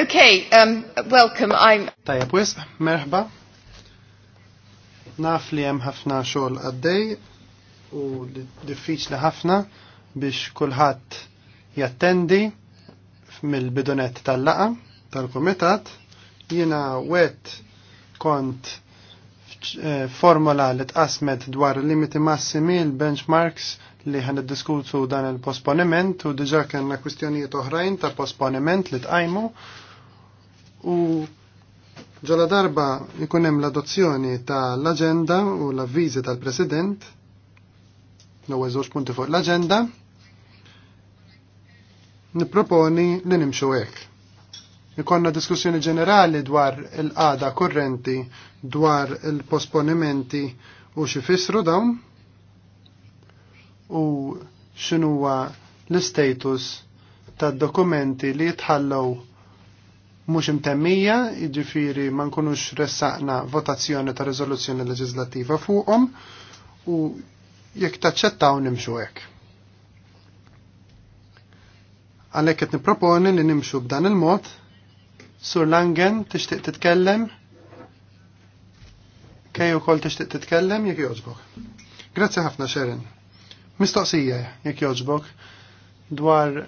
Okay, um, welcome, I'm... Tajab pwis, merħba. Naf li jem ħafna xol għaddej u diffiċli ħafna biex kullħat jattendi mill-bidonet tal-laqa tal-komitat. Jena wet kont eh, formula li tqasmet dwar limiti massimi l-benchmarks li ħan diskutu dan il-posponiment u diġa kena kwistjonijiet oħrajn ta' posponiment li tqajmu u ġola darba ikun hemm l-adozzjoni tal-aġenda u l-avviżi tal-President l-ewwel punti fuq l-aġenda nipproponi li nimxu hekk ikonna diskussjoni ġenerali dwar il-qada korrenti dwar il-posponimenti u xifisru dawn u xinuwa l-status tad dokumenti li jitħallaw mhux imtemmija, jiġifieri ma nkunux ressaqna votazzjoni ta' riżoluzzjoni leġislattiva fuqhom u jekk taċċettaw nimxu hekk. Għalhekk qed nipproponi li nimxu b'dan il-mod, Sur Langen tixtieq titkellem? Kej ukoll tixtieq titkellem jekk jogħġbok. Grazzi ħafna Sharon. Mistoqsija jekk jogħġbok dwar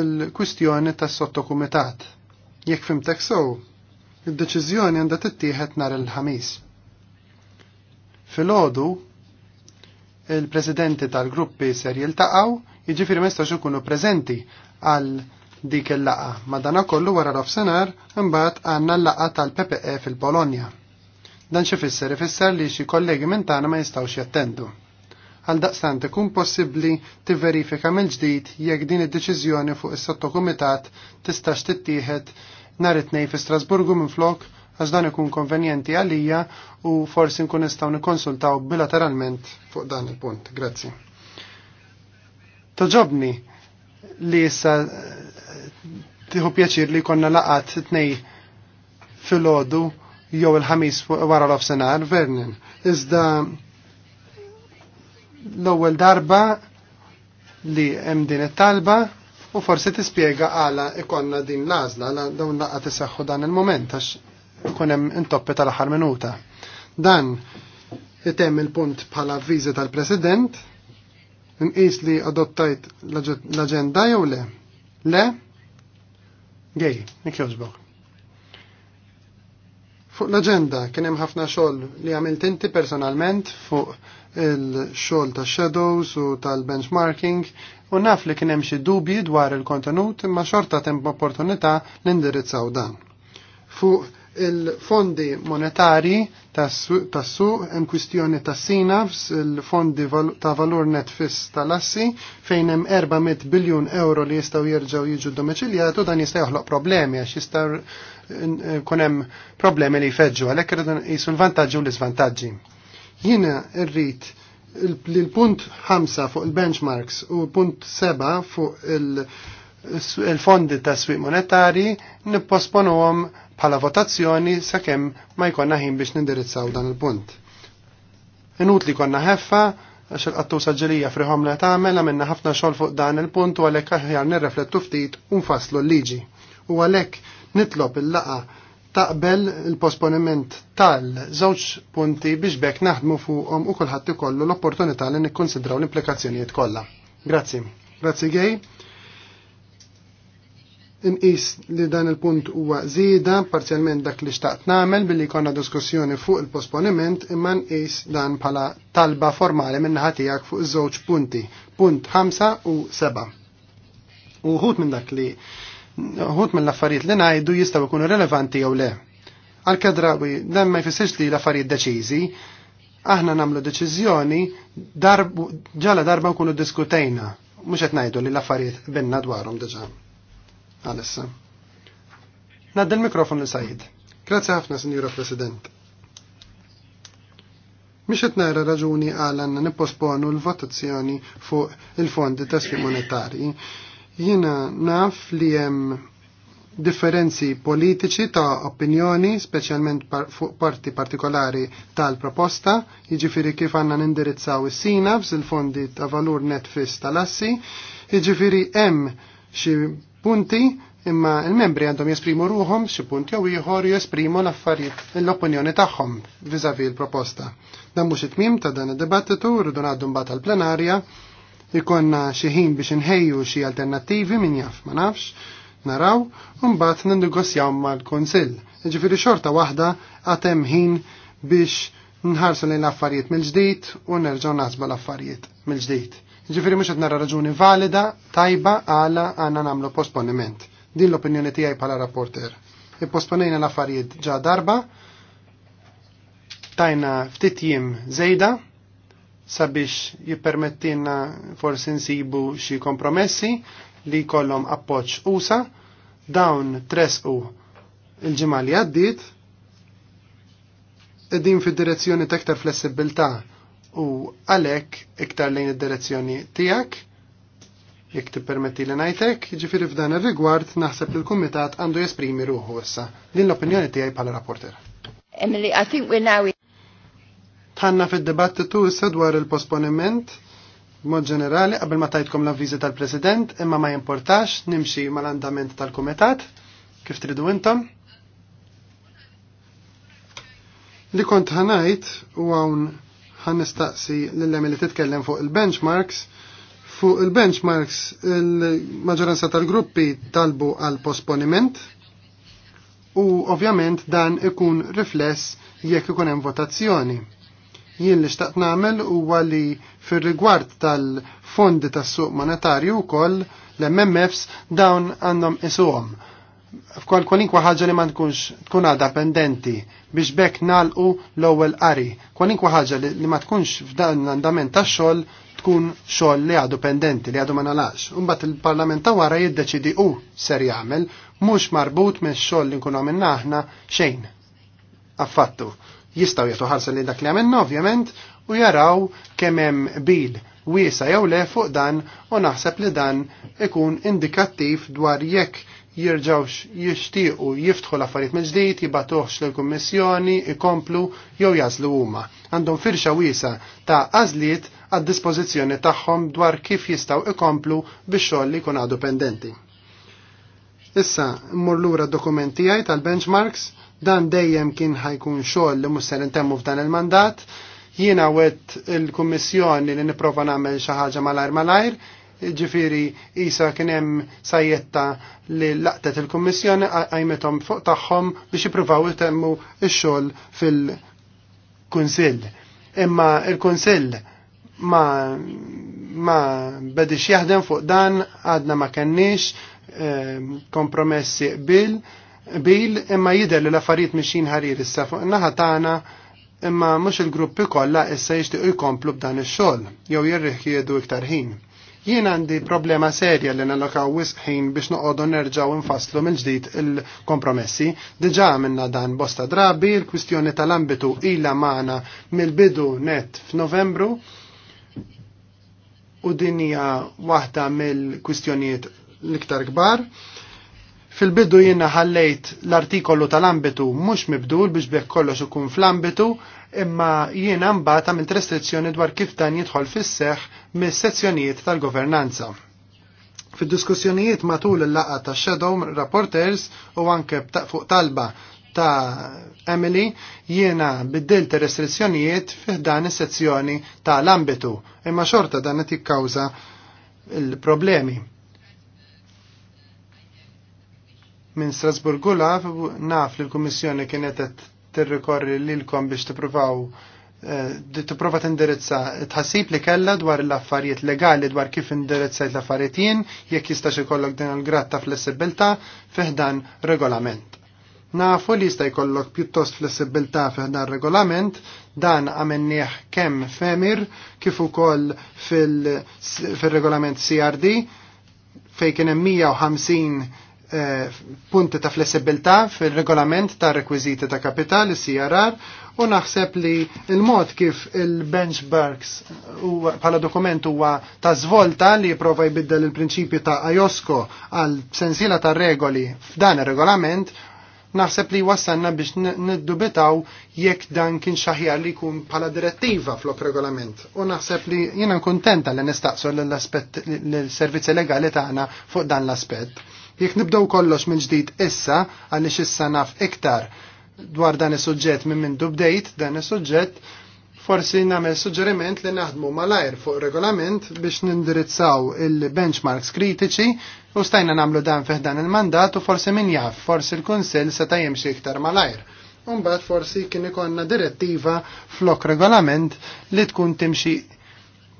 il-kwistjoni tas sottokumitat Jekk fimtek sow, id-deċiżjoni għandha tittieħed nhar il-ħamis. Filgħodu il-presidenti tal-gruppi ser jiltaqgħu, jiġifieri ma jistax ikunu preżenti għal dik il-laqa. Madana kollu wara rafsenar, imbagħad għandna l-laqa tal-PPE fil polonia Dan xifisser ifisser li xi kollegi minn tagħna ma jistgħux jattendu għal daqstant ikun possibbli tiverifika mill-ġdid jekk din id-deċiżjoni fuq is-sottokumitat tistax tittieħed nhar it-tnejn fi Strasburgu minflok għax dan ikun konvenjenti għalija u forsi nkun nistgħu nikkonsultaw bilateralment fuq dan il-punt. Grazzi. Toġobni li issa eh, tiħu pjaċir li konna laqat tnej fil-ħodu jew il-ħamis wara l-ofsenar, Vernin. Iżda l-ewwel darba li hemm din it-talba u forsi tispjega għala ikonna din l-għażla dawn laqa tiseħħu dan il-moment għax ikun hemm intoppi tal-aħħar minuta. Dan itemm il-punt bħala viżi tal-President nqis li adottajt l-aġenda jew le? Le? Gej, nikjożbok. Fuq l-agenda kien hemm ħafna xogħol li għamilt inti personalment fuq il-xogħol ta' shadows u tal-benchmarking u naf li kien hemm xi dubji dwar il-kontenut imma xorta temp opportunità li indirizzaw dan. Fuq il-fondi monetari tas-suq hemm kwistjoni tas sinavs il-fondi ta' valur net fiss tal-assi fejn hemm 400 biljun euro li jistgħu jerġgħu jiġu domiċiljat u dan jista' joħloq problemi għax jista' Eh, kunem problemi li jfeġġu, għalhekk irridu nqisu l-vantaġġi u l-isvantaġġi. Jiena rrid il-punt 5 fuq il-benchmarks u punt 7 fuq il-fondi ta' swieq monetari għom bħala votazzjoni sakemm ma jkollna ħin biex nindirizzaw dan il-punt. Inutli konna ħeffa, għax il qattu saġġelija friħom li tagħmel għamilna ħafna xogħol fuq dan il-punt u għalhekk aħjar nirreflettu ftit u nfasslu l-liġi. U għalhekk Nitlob il-laqa taqbel il-posponiment tal-żewġ punti biex bekk naħdmu fuqhom u kulħadd ikollu l-opportunità li nikkonsidraw l-implikazzjonijiet kollha. Grazzi. Grazzi gej. Inqis li dan il-punt huwa żieda parzjalment dak li xtaqt nagħmel billi jkollna diskussjoni fuq il-posponiment imma nqis dan bħala talba formali minn naħa tiegħek fuq iż-żewġ punti, punt 5 u 7. Uħud minn dak li ħut mill-affarijiet li ngħidu jistgħu jkunu relevanti jew le. Għal-kadrawi, dan ma jfissirx li l-affarijiet deċiżi, aħna nagħmlu deċiżjoni ġala darba nkunu diskutejna, mhux qed ngħidu li l-affarijiet binna dwarhom diġà. Għalissa. Nadda l-mikrofon li Sajid. Grazzi ħafna, Sinjura President. Mish qed nara raġuni għal għandna nipposponu l-votazzjoni fuq il-fondi tasfi monetarji Jiena naf li hemm differenzi politiċi ta' opinjoni, specialment par fuq parti partikolari tal-proposta, jiġifieri kif għandna nindirizzaw is sinafs il-fondi ta' valur net fis tal-assi, jiġifieri hemm xi punti imma il-membri għandhom jesprimu ruhom xi punti jew ieħor jesprimu l-affarijiet l-opinjoni tagħhom viżavi l-proposta. Dan mhux it-tmiem ta' dan id-dibattitu rridu ngħaddu mbagħad tal-plenarja ikonna xi ħin biex inħejju xi alternattivi min jaf ma nafx, naraw, u mbagħad nindugosjaw mal-Kunsill. Ġifieri xorta waħda għad hemm ħin biex nħarsu lejn l-affarijiet mill-ġdid u nerġgħu naħsbu l-affarijiet mill-ġdid. Ġifieri mhux qed nara raġuni valida, tajba għala għandna nagħmlu posponiment. Din l-opinjoni tiegħi bħala rapporter. Ipposponejna l-affarijiet ġa darba, tajna ftit jiem zejda sabiex jippermettilna forsi nsibu xi kompromessi li kollhom appoġġ usa dawn tresqu il-ġimgħa li għaddiet din fid-direzzjoni ta' iktar flessibilità u għalhekk iktar lejn id-direzzjoni tiegħek jekk permetti li ngħidlek, ġifiri f'dan ir-rigward naħseb li l-kumitat għandu jesprimi ruħu issa. Din l-opinjoni tiegħi bħala rapporter. Emily, I think we're now Ħanna fid-dibattitu issa dwar il-posponiment mod ġenerali qabel ma tajtkom l-avviżi tal-President imma ma jimportax nimxi mal-andament tal-Kumitat kif tridu intom. Li kont ħanajt u hawn ħanistaqsi lil lemi li titkellem fuq il-benchmarks fuq il-benchmarks il-maġġoranza tal-gruppi talbu għal posponiment u ovvjament dan ikun rifless jekk ikun hemm votazzjoni. Jien li xtaqt nagħmel huwa li fir-rigward tal-fondi tas-suq monetarju wkoll l-MMFs dawn għandhom isuhom f'kol kwalinkwa ħaġa li ma tkunx tkun għadha pendenti biex bekk nalqu l-ewwel qari. Kwalinkwa ħaġa li ma tkunx f'dan l-andament tax-xogħol tkun xogħol li għadu pendenti li għadu ma nalax. Imbagħad il-Parlament ta' wara jiddeċidi u ser jagħmel mhux marbut minn xogħol li nkunu għamilna aħna xejn. Affattu. Jistaw jagħtu ħarsa li dak li għamilna ovvjament u jaraw kemm hemm bil wiesa jew le fuq dan u naħseb li dan ikun indikattiv dwar jekk jirġawx jixtiequ jiftħu l-affarijiet minn ġdid, jibatuħx lill kummissjoni ikomplu jew jażlu huma. Għandhom firxa wiesa ta' għażliet għad dispożizzjoni tagħhom dwar kif jistgħu ikomplu bix-xogħol li jkun għadu pendenti. Issa mmur lura dokumenti għaj tal-benchmarks Dan dejjem kien ħajkun xogħol li mhux se intemmu f'dan il-mandat. Jiena wet il-Kummissjoni li nipprova nagħmel xi ħaġa malajr malajr, ġifiri isa kienem sajjetta li laqtet il-Kommissjoni għajmetom fuq taħħom biex jipruvaw jitemmu il xogħol fil-Kunsill. Imma il-Kunsill ma, ma bedix jaħdem fuq dan, għadna ma kenniex eh, kompromessi bil, bil imma jidher li l-affarijiet mixin ħarir issa fuq naħa tagħna imma mhux il-gruppi kollha issa jixtiequ jkomplu b'dan ix-xogħol jew jirrikjedu iktar ħin. Jien għandi problema serja li nalokaw wisq ħin biex noqogħdu nerġgħu nfasslu mill-ġdid il-kompromessi. Diġà għamilna dan bosta drabi, l kwistjoni tal-ambitu ilha magħna mill-bidu net f'Novembru u din hija waħda mill-kwistjonijiet l-iktar kbar Fil-bidu jina ħallejt l-artikolu tal-ambitu mhux mibdul biex bieħ kollox ikun fl-ambitu, imma jiena mbagħad għamilt restrizzjoni dwar kif dan jidħol fis-seħħ mis-sezzjonijiet tal-governanza. Fid-diskussjonijiet matul il-laqa ta' Shadow Reporters u anke fuq talba ta' Emily jiena biddilt restrizzjonijiet fiħdan is-sezzjoni tal-ambitu imma xorta dan qed jikkawża il-problemi. Minn Strasburgu laf, naf li l-Kummissjoni kienet qed l lilkom biex tippruvaw eh, tipprova tindirizza t-ħassib li kellha dwar l-affarijiet legali dwar kif indirizzajt l-affarijiet jien jekk jistax ikollok din il gratta ta' flessibilità fiħdan regolament. Nafu li jista' jkollok pjuttost flessibilità fiħdan regolament dan għamennieħ kemm femir kif ukoll fil-regolament CRD fej kien hemm 150 Eh, punti ta' flessibilità fil-regolament ta' rekwiziti ta' kapitali CRR u naħseb li il-mod kif il-benchmarks bħala dokument huwa ta' zvolta li jiprofa jbiddel il-prinċipju ta' IOSCO għal sensiela ta' regoli f'dan ir-regolament naħseb li wassanna biex niddubitaw jekk dan kien xaħjar li jkun bħala direttiva flok regolament. U naħseb li jiena kontenta li nistaqsu l-servizzi legali tagħna fuq dan l-aspett. Jek nibdew kollox minn ġdid issa għaliex issa naf iktar dwar dan is-suġġett minn minn bdejt dan is-suġġett, forsi nagħmel suġġeriment li naħdmu malajr fuq regolament biex nindirizzaw il-benchmarks kritiċi u stajna nagħmlu dan fih dan il-mandat u forsi min jaf, forsi l-Kunsill seta' jimxi iktar malajr. Umbat forsi kien ikonna direttiva flok regolament li tkun timxi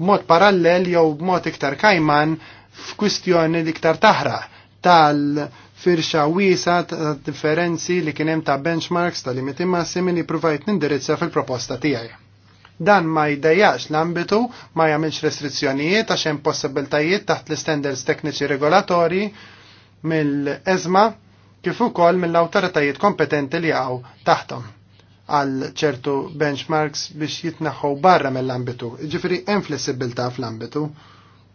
mod parallel jew mod iktar kajman f'kwistjoni li iktar taħraq tal-firxa wiesa ta' differenzi li kienem ta' benchmarks ta' limiti massimi li provajt nindirizza fil-proposta tijaj. Dan ma jdejjax l-ambitu, ma jagħmilx restrizzjonijiet għax hemm possibiltajiet taħt l-standards tekniċi regolatori mill-ezma kif ukoll mill-awtoritajiet kompetenti li jaqgħu taħtom għal ċertu benchmarks biex jitnaħħu barra mill-ambitu. Ġifri hemm flessibilità fl-ambitu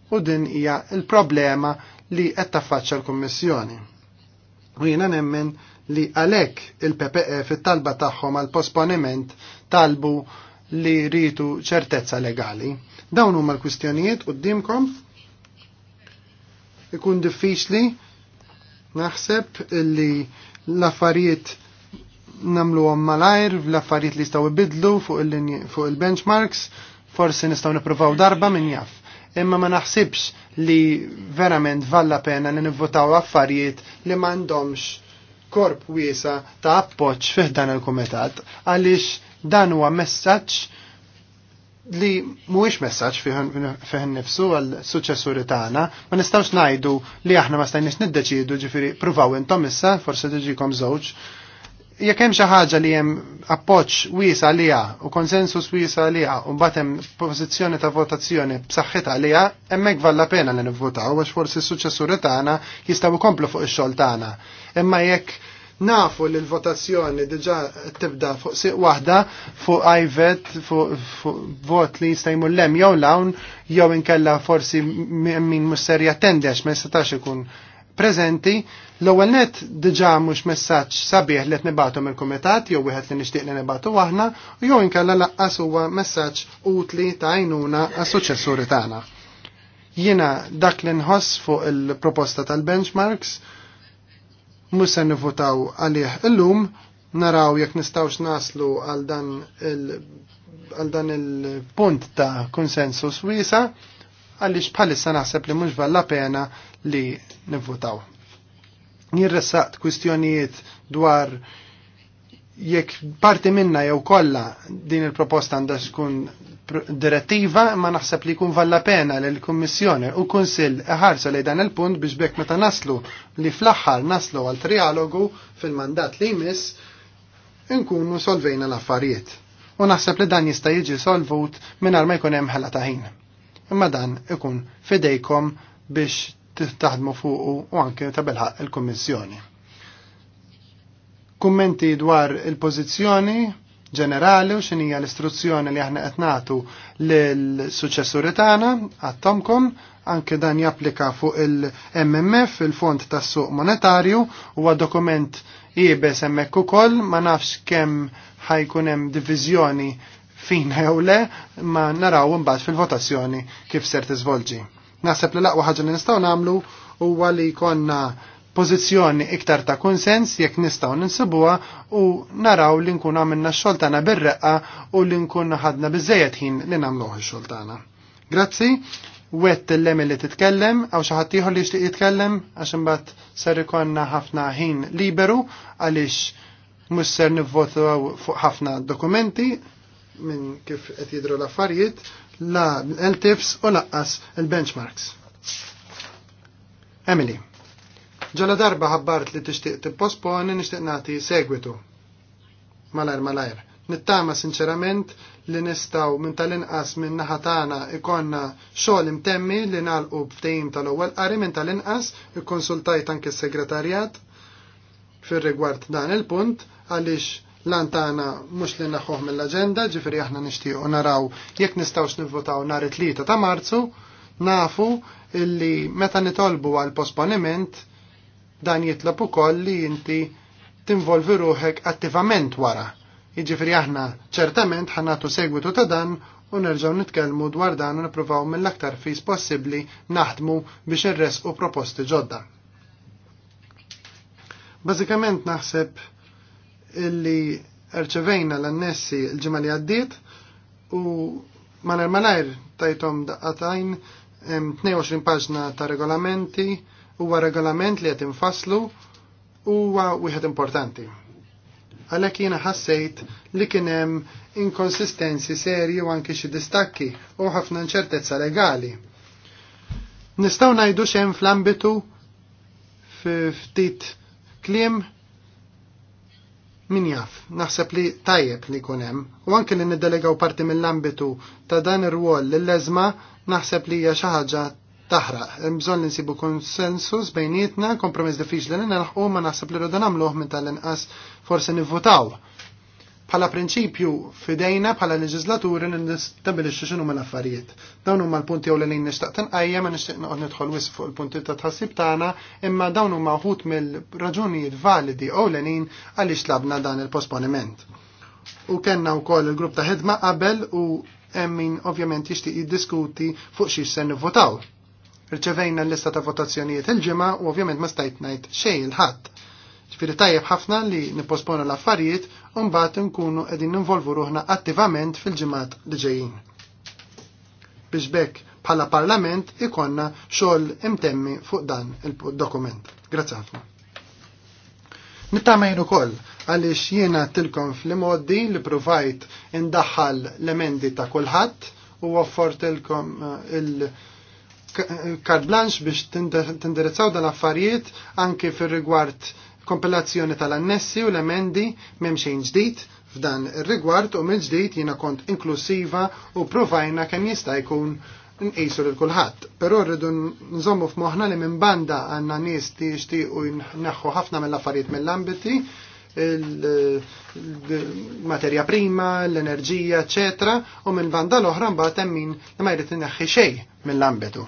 u din hija il-problema li qed taffaċċa l-Kummissjoni. U jiena nemmen li għalhekk il-PPE fit-talba tagħhom għal posponiment talbu li rritu ċertezza legali. Dawn huma l-kwistjonijiet qudiemkom ikun diffiċli naħseb li l-affarijiet nagħmluhom mal malajr, l-affarijiet li jistgħu ibidlu fuq il-benchmarks, forsi nistgħu nippruvaw darba minn jaff imma ma naħsibx li verament valla pena li nivvotaw affarijiet li m'għandhomx korp wiesa ta' appoġġ fih dan il-kumitat għaliex dan huwa messaġġ li mhuwiex messaġġ fih nifsu għal suċessuri tagħna, ma nistgħux ngħidu li aħna ma stajniex niddeċiedu ġifieri pruvaw intom issa, forsi tiġikom żewġ jekk hemm xi ħaġa li hemm appoġġ wiesa għalija u konsensus wiesa għalija u mbagħad hemm pożizzjoni ta' votazzjoni b'saħħitha għalija, hemmhekk valla pena li nivvotaw għax forsi s-suċessuri tagħna jistgħu jkomplu fuq ix-xogħol tagħna. Imma jekk nafu li l-votazzjoni diġà tibda fuq siq waħda fuq iVet fuq vot li jista' jmur lem jew lawn jew inkella forsi min musser jattendex ma jistax ikun preżenti, l-ewwel net diġà mhux messaġġ sabiħ li qed nibagħtu mill-kumitat jew wieħed li nixtieq li nibatu aħna u jew inkella laqqas huwa messaġġ utli ta' għajnuna għas-suċessuri tagħna. Jiena dak li nħoss fuq il-proposta tal-benchmarks mhux se nivutaw għalih illum naraw jekk nistgħux naslu għal dan il- għal dan il-punt ta' konsensus wiesa għalix bħalissa naħseb li mhux valla pena li nivvotaw. Nirressaqt kwistjonijiet dwar jekk parti minna jew kollha din il-proposta għandha tkun direttiva ma naħseb li jkun valla pena l kummissjoni u kunsil ħarsu li dan il-punt biex bekk meta naslu li fl-aħħar naslu għal trialogu fil-mandat li jmiss nkunu solvejna l-affarijiet. U naħseb li dan jista' jiġi solvut mingħajr ma jkun hemm ħela ta' ħin. Imma dan ikun fidejkom biex taħdmu fuqu u anke ta' belħaq il-Kommissjoni. Kummenti dwar il-pożizzjoni ġenerali u xinija l-istruzzjoni li aħna qed nagħtu lill-suċessuri tagħna għattomkom anke dan japplika fuq il-MMF, il-Fond tas-Suq Monetarju, huwa dokument ibes hemmhekk ukoll ma nafx kemm ħajkun hemm diviżjoni fina jew le, ma naraw imbagħad fil-votazzjoni kif ser tiżvolġi. Naħseb li laqwa ħaġa li nistgħu nagħmlu huwa li jkollna pożizzjoni iktar ta' konsens jekk nistgħu ninsibuha u naraw li nkun għamilna x-xogħol tagħna bir-reqqa u li nkun ħadna biżejjed ħin li nagħmluh ix xoltana Grazzi, wett l-lem li titkellem, għaw xaħat ieħor li jixtieq jitkellem, għax imbagħad ser ikonna ħafna ħin liberu għaliex mhux ser nivvotaw fuq ħafna dokumenti minn kif qed jidru l-affarijiet la l-tips u laqqas il-benchmarks. Emily, ġala darba ħabbart li tixtieq tipposponi nixtieq nagħti segwitu. Malajr malajr. Nittama sinċerament li nistaw minn tal-inqas minn naħatana ikonna xogħol imtemmi li nalqu b'tejim tal-ewwel qari minn tal-inqas ikkonsultajt anke s-segretarjat fir-rigward dan il-punt għaliex Lantana tagħna mhux li naħħuħ mill-aġenda, ġifiri aħna nixtiequ naraw jekk nistgħux nivvotaw nhar it-tlieta ta' Marzu, nafu illi meta nitolbu għal posponiment dan jitlab ukoll li inti tinvolvi ruħek attivament wara. Jiġifieri aħna ċertament ħanatu segwitu ta' dan u nerġaw nitkellmu dwar dan u nippruvaw mill-aktar fis possibbli naħdmu biex irresqu proposti ġodda. Bażikament naħseb illi erċevejna l-annessi l-ġimma li għaddiet u maler maler tajtom daqqatajn 22 paġna ta' regolamenti huwa regolament li qed infaslu huwa wieħed importanti. Għalhekk jiena ħassejt li kien hemm inkonsistenzi serji u anke xi distakki u ħafna inċertezza legali. Nistgħu ngħidu xejn fl-ambitu ftit kliem Min jaf, naħseb li tajjeb li kunem, u anke li niddelegaw parti mill-ambitu ta' dan ir-rwol l-leżma naħseb li hija xi ħaġa taħraq. Bżonn li nsibu konsensus bejnietna, kompromiss diffiċli li naħqu ma naħseb li rridu nagħmluh minn tal-inqas forsi nivvutaw Pala prinċipju fidejna pala leġislaturi nistabilixxu x'inhu l affarijiet Dawn huma l-punti u l-għalin nixtaq tinqajja ma nixtieq noqgħod nidħol wisq fuq il-punti ta' tħassib tagħna, imma dawn huma wħud mill-raġunijiet validi u l-għalin għaliex labna dan il-posponiment. U kellna wkoll il-grupp ta' ħidma qabel u hemm min ovvjament jixtieq jiddiskuti fuq xi se nivvotaw. Irċevejna l-lista ta' votazzjonijiet il-ġimgħa u ovvjament ma stajt ngħid xejn il-ħadd Ġifiri tajjeb ħafna li nipposponu l-affarijiet u mbagħad nkunu qegħdin ninvolvu ruħna attivament fil-ġimgħat li ġejjin. Biex bekk bħala parlament ikonna xogħol imtemmi fuq dan il-dokument. Grazzi ħafna. Nittamajn ukoll għaliex jiena tilkom fl-modi li provajt indaħħal l-emendi ta' kulħadd u tilkom eh, il-kart eh, blanx biex tindirizzaw dan affarijiet anke fir rigward kompilazzjoni tal-annessi u l-emendi memxejn ġdid f'dan ir-rigward u minn ġdid jiena kont inklusiva u provajna kemm jista' jkun nqisu lil kulħadd. Però rridu nżommu f'moħħna li minn banda għandna nies tixtiequ jneħħu ħafna mill-affarijiet mill-ambiti, il-materja prima, l-enerġija, eċetera, u minn banda l-oħra mbagħad hemm min li ma jrid inneħħi xejn mill-ambitu.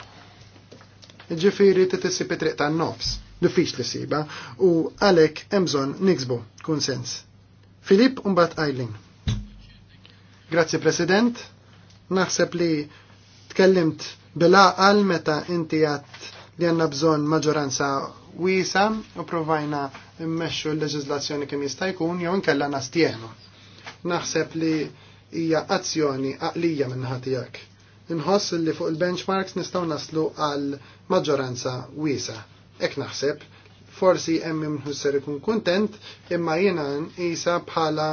Ġifieri titissi triq tan-nofs l-uffiċ li siba u għalek emżon niksbu sens. Filip Umbat Eiling. Grazzi President, naħseb li tkellimt bil-għal meta inti għat li għanna bżon maġoranza wisa u provajna mmexxu l-leġizlazzjoni kemm jista' jkun jew inkella nastieħnu. Naħseb li hija azzjoni għaqlija minn ħatijak. Inħoss li fuq il-benchmarks nistgħu naslu għal maġġoranza wiesa' ek naħseb, forsi hemm mħusser ikun kontent, imma jena jisa bħala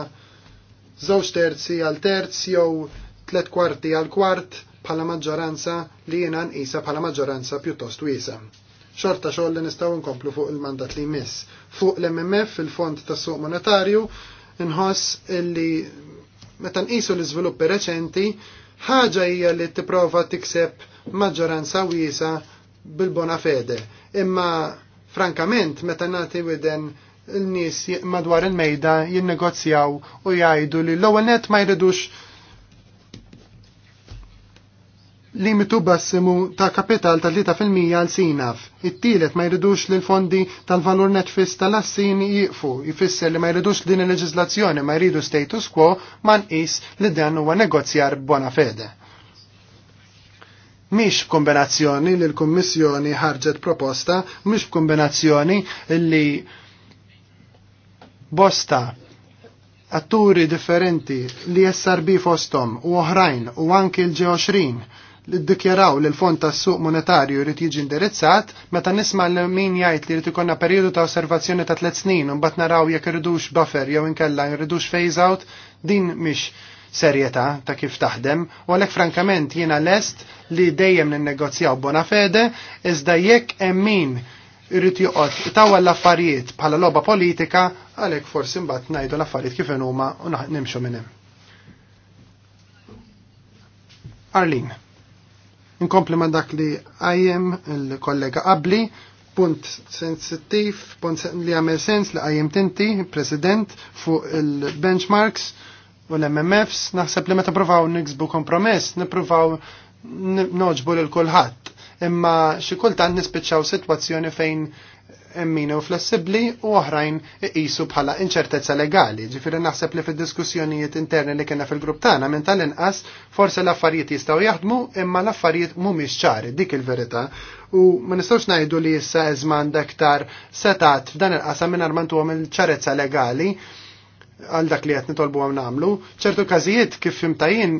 żewġ terzi għal terz jew tlet kwarti għal kwart bħala maġġoranza li jiena nqisa bħala maġġoranza pjuttost wiesa. Xorta xogħol li nistgħu nkomplu fuq il-mandat li jmiss. Fuq l-MMF il-Fond tas-Suq Monetarju nħoss illi meta nqisu l sviluppi reċenti ħaġa hija li tipprova tikseb maġġoranza wiesa' bil-bona fede. Imma frankament meta nati widen il-nies madwar il-mejda jinnegozjaw u jgħidu li l-ewwel net ma jridux limitu bassimu ta' kapital ta' 3% għal sinaf. It-tielet ma jridux li l-fondi tal-valur netfis tal-assin jifu. Jfisser li ma jridux din il-leġizlazzjoni ma jridu status quo ma nqis li dan huwa negozjar bona fede mhix kombinazzjoni li l-Kummissjoni ħarġet proposta, mhix kombinazzjoni li bosta atturi differenti li SRB fostom u oħrajn u anki l-G20 li ddikjaraw li l-fond tas suq monetarju jrid jiġi indirizzat, meta nisma' l min jgħid li jrid ikolna perjodu ta' osservazzjoni ta' tliet snin un mbagħad naraw jekk iridux buffer jew inkella jridux phase out, din mhix serjetà ta' kif taħdem u għalhekk frankament jiena lest li dejjem ninnegozjaw bona fede iżda jekk hemm min juqot joqgħod tawwa l-affarijiet bħala logħba politika għalhekk forsi mbagħad ngħidu l-affarijiet kif huma u nimxu minn hemm. Arlin, inkompli ma dak li għajjem il-kollega qabli, punt sensittiv, punt li għamil sens li għajem tinti, president, fuq il-benchmarks, u l-MMFs, naħseb li meta provaw niksbu kompromess, nipruvaw noġbu l kulħadd imma xi kultant nispiċċaw sitwazzjoni fejn emmina u flessibli u oħrajn iqisu bħala inċertezza legali. Ġifieri naħseb li fid-diskussjonijiet interni li kienna fil-grupp tagħna minn tal-inqas forse l-affarijiet jistgħu jaħdmu imma l-affarijiet mhumiex ċari dik il-verità u ma nistgħux ngħidu li issa eżman aktar setat f'dan il-qasam minn armantuhom il-ċarezza legali għal dak li qed nitolbu għam nagħmlu, ċertu każijiet kif imtajin,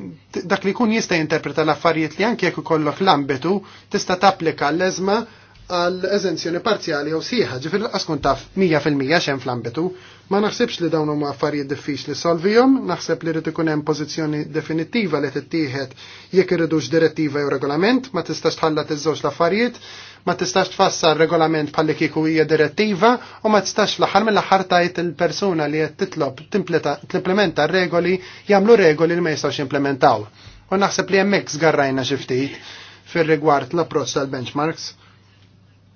dak li jkun jista' jinterpreta l-affarijiet li anke jekk ikollok l-ambitu tista' tapplika l-eżma għal eżenzjoni parzjali jew siħa, ġifir għaskun taf 100% xem fl-ambitu. Ma naħsibx li dawn huma affarijiet diffiċli solvihom, naħseb li rid ikun hemm pożizzjoni definittiva li tittieħed jekk irridux direttiva jew regolament, ma tistax tħallat iż-żewġ l-affarijiet, ma tistax tfassar regolament palli kieku hija direttiva u ma tistax l-aħħar mill-aħħar tajt il-persuna li qed titlob timplementa regoli jagħmlu regoli li ma jistgħux implementaw. U naħseb li hemmhekk żgarrajna xi ftit fir-rigward l-approċċ tal-benchmarks.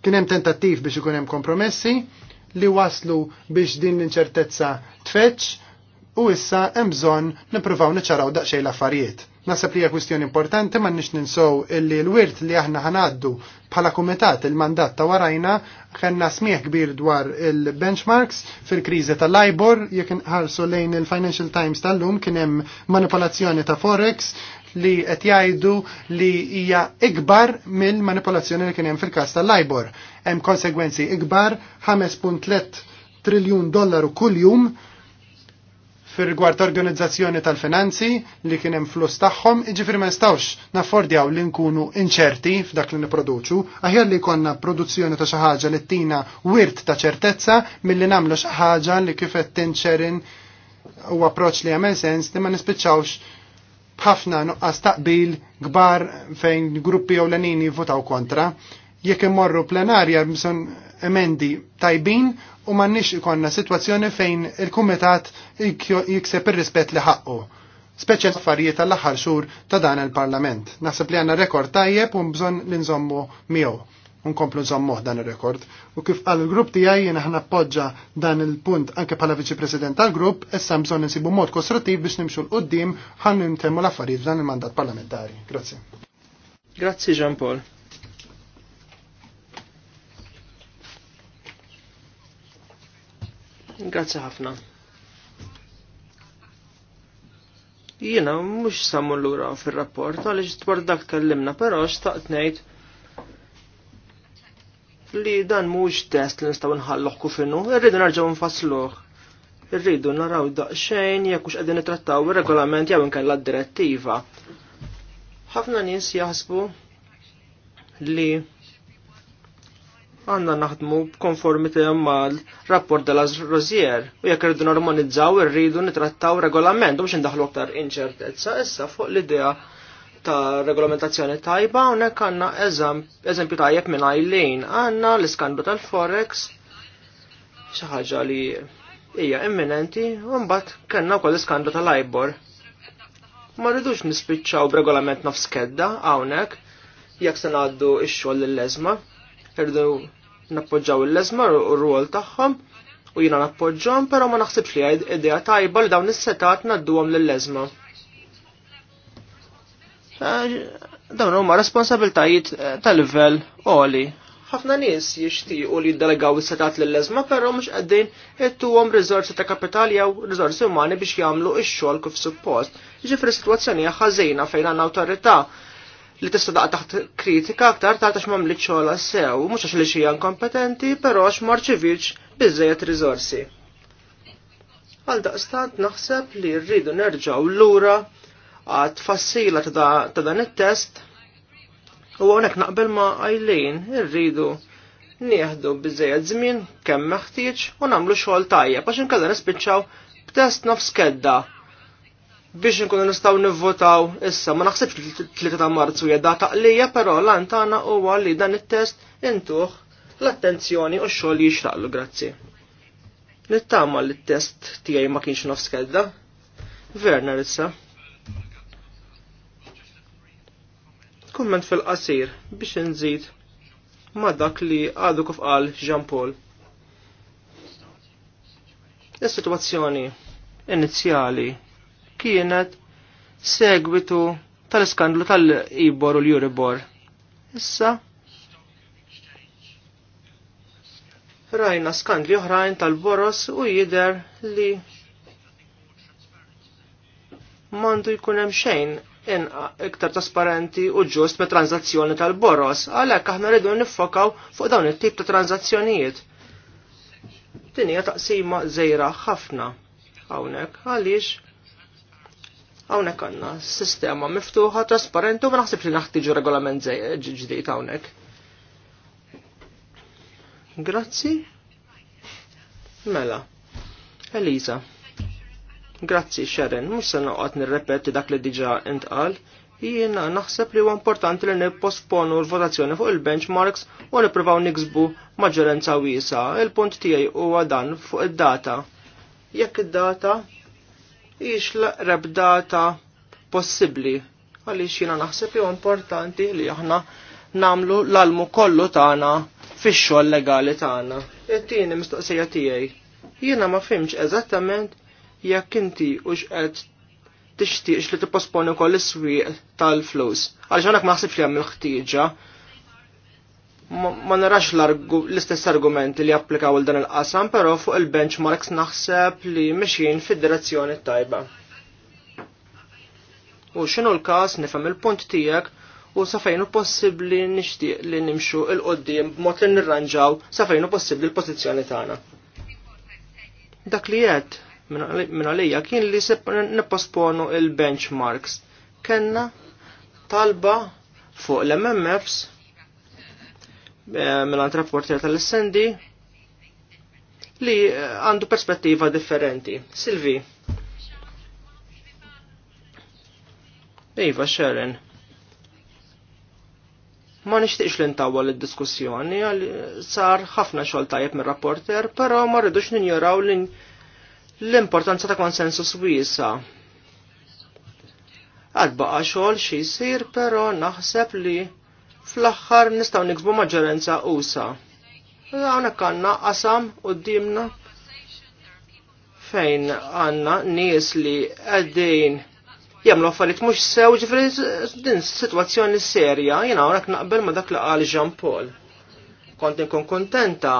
Kien hemm tentattiv biex ikun hemm kompromessi li waslu biex din l-inċertezza tfetx u issa hemm bżonn nippruvaw niċċaraw daqsxejn l-affarijiet. Nasab li hija kwistjoni importanti ma nix ninsow illi l-wirt li aħna ħanaddu Bħala kumitat il-mandat ta' warajna kellna smieħ kbir dwar il-benchmarks fil-kriżi tal-Libor jekk inħarsu lejn il-Financial Times tal-lum kien hemm manipolazzjoni ta' Forex li qed jgħidu li hija ikbar mill-manipolazzjoni li kien hemm fil-każ tal-Libor. Hemm konsegwenzi ikbar 5.3 triljun dollaru kuljum jum fir-rigward organizzazzjoni tal-finanzi li kien hemm flus tagħhom, jiġifieri ma nistgħux naffordjaw li nkunu inċerti f'dak li nipproduċu, aħjar li jkollna produzzjoni ta' xi ħaġa li tina wirt ta' ċertezza milli nagħmlu xi ħaġa li kif qed tinċerin u approċċ li jagħmel sens li ma nispiċċawx b'ħafna nuqqas taqbil kbar fejn gruppi ewlenin jivvotaw kontra jekk imorru plenarja bżon emendi tajbin u mannix ikonna situazzjoni fejn il-kumitat jikseb ir-rispett li ħaqqu. Speċjal affarijiet tal-aħħar xhur ta' dan il-Parlament. Naħseb li għandna rekord tajjeb u bżonn li nżommu miegħu. Unkomplu nżommu dan ir-rekord. U kif għal il-grupp tiegħi jien aħna appoġġa dan il-punt anke bħala viċi President tal-grupp, issa bżonn insibu mod kostruttiv biex nimxu l qudiem ħalli ntemmu l-affarijiet f'dan il-mandat parlamentari. Grazzi. Grazzi Jean Paul. Grazie ħafna. Jiena mhux sammu lura fir-rapport għaliex dwar dak kellimna, però xtaqt ngħid li dan mux test li nistgħu nħalluħ kufinu, irridu narġaw nfassluh. Irridu naraw daqsxejn jekk hux qegħdin nittrattaw ir-regolament jew nkella d-direttiva. Ħafna nies jaħsbu li għanna naħdmu b'konformità mal-rapport della Rosier u jekk rridu normalizzaw irridu nitrattaw regolament u biex indaħlu aktar inċertezza issa fuq l-idea ta' regolamentazzjoni tajba nek għanna eżempju tajjeb minn Eileen għanna l-iskandlu tal-Forex xaħġa li hija imminenti u mbagħad kellna wkoll l-iskandlu tal-Ibor. Ma rridux nispiċċaw b'regolament nofs kedda hawnhekk jekk se ngħaddu x-xogħol lill-leżma, nappoġġaw il-leżmar u r-rol tagħhom u jiena nappoġġom, però ma naħsibx li għajd idea tajba li dawn is-setat għom lill-leżma. Eh, dawn huma responsabiltajiet eh, ta' livell għoli. Ħafna nies jixtiequ li jiddelegaw is-setat lill-leżma, però mhux qegħdin għom riżorsi ta' kapitali jew riżorsi umani biex jagħmlu x-xogħol kif suppost. Ġifri situazzjoni ħażina fejn għandna awtorità li tista' daqqa taħt kritika aktar tal għax li ċola sew, mhux għax li xija kompetenti, però għax marċivitx biżejjed rizorsi. Għal daqstant naħseb li rridu l lura għad fassila ta' dan it-test u hawnhekk naqbel ma' għajlin rridu nieħdu biżejjed żmien kemm meħtieġ u nagħmlu xogħol tajjeb għax inkella nispiċċaw b'test nofs kedda biex nkunu nistgħu nivvotaw issa ma naħsibx li t ta' Marzu hija data qlija però lan tagħna huwa li dan it-test intuħ l-attenzjoni u x-xogħol jixtaqlu grazzi. Nittama li t-test tiegħi ma kienx nofs kedda. Werner issa. Kumment fil-qasir biex nżid ma dak li għadu kif qal Jean Paul. Is-sitwazzjoni inizjali kienet segwitu tal-iskandlu tal-Ibor u l juribor Issa, rajna skandli oħrajn tal-boros u jider li mandu jkun hemm xejn iktar trasparenti u ġust me tranzazzjoni tal-boros, għalhekk aħna rridu nifokaw fuq dawn it-tip ta' tranzazzjonijiet. Din hija taqsima żejra ħafna hawnhekk għaliex Hawnhekk għandna sistema miftuħa, trasparenti u ma li naħtiġu regolament ġdid hawnhekk. Grazzi. Mela. Eliza. Grazzi, Sharon. Mhux se noqgħod nirrepeti dak li diġà intqal. Jiena naħseb li huwa importanti li nipposponu l-votazzjoni fuq il-benchmarks u nippruvaw niksbu maġġoranza wiesa. Il-punt tiegħi huwa dan fuq id-data. Jekk id-data ix l-qreb data possibbli għaliex jiena naħseb li importanti li aħna namlu l-almu kollu tagħna fix-xogħol legali tagħna. It-tieni mistoqsija tiegħi. Jiena ma fimx eżattament jekk inti u x'qed tixtieq li tipposponi wkoll is-swieq tal-flus. Għaliex għandek ma li hemm ħtieġa ma narax l-istess argument li applikaw il dan il-qasam, pero fuq il-benchmarks naħseb li mexin fid-direzzjoni tajba. U xinu l-kas nifhem il-punt tiegħek u safajnu possibbli nixtieq li nimxu il-qoddim b'mod li nirranġaw safajnu possibbli l-pożizzjoni tagħna. Dak li jett min għalija kien li se nipposponu il-benchmarks. Kenna talba fuq l-MMFs Eh, mill-ant rapporter tal-Essendi li eh, għandu perspettiva differenti. Silvi. Iva, Sharon. Ma nixtieqx li ntawwa l diskussjoni għal sar ħafna xogħol tajjeb mir-rapporter, però ma rridux ninjoraw l-importanza ta' konsensus wiesa għad baqa xogħol xie jsir, pero naħseb li fl-axħar nistaw nikbu maġġorenza usa. Għawna kanna qasam u dimna fejn għanna nies li għaddejn jemlu għaffariet mux sew ġifri din situazzjoni serja jina għawna knaqbel ma dak li għal Jean Paul. Kont nkun kontenta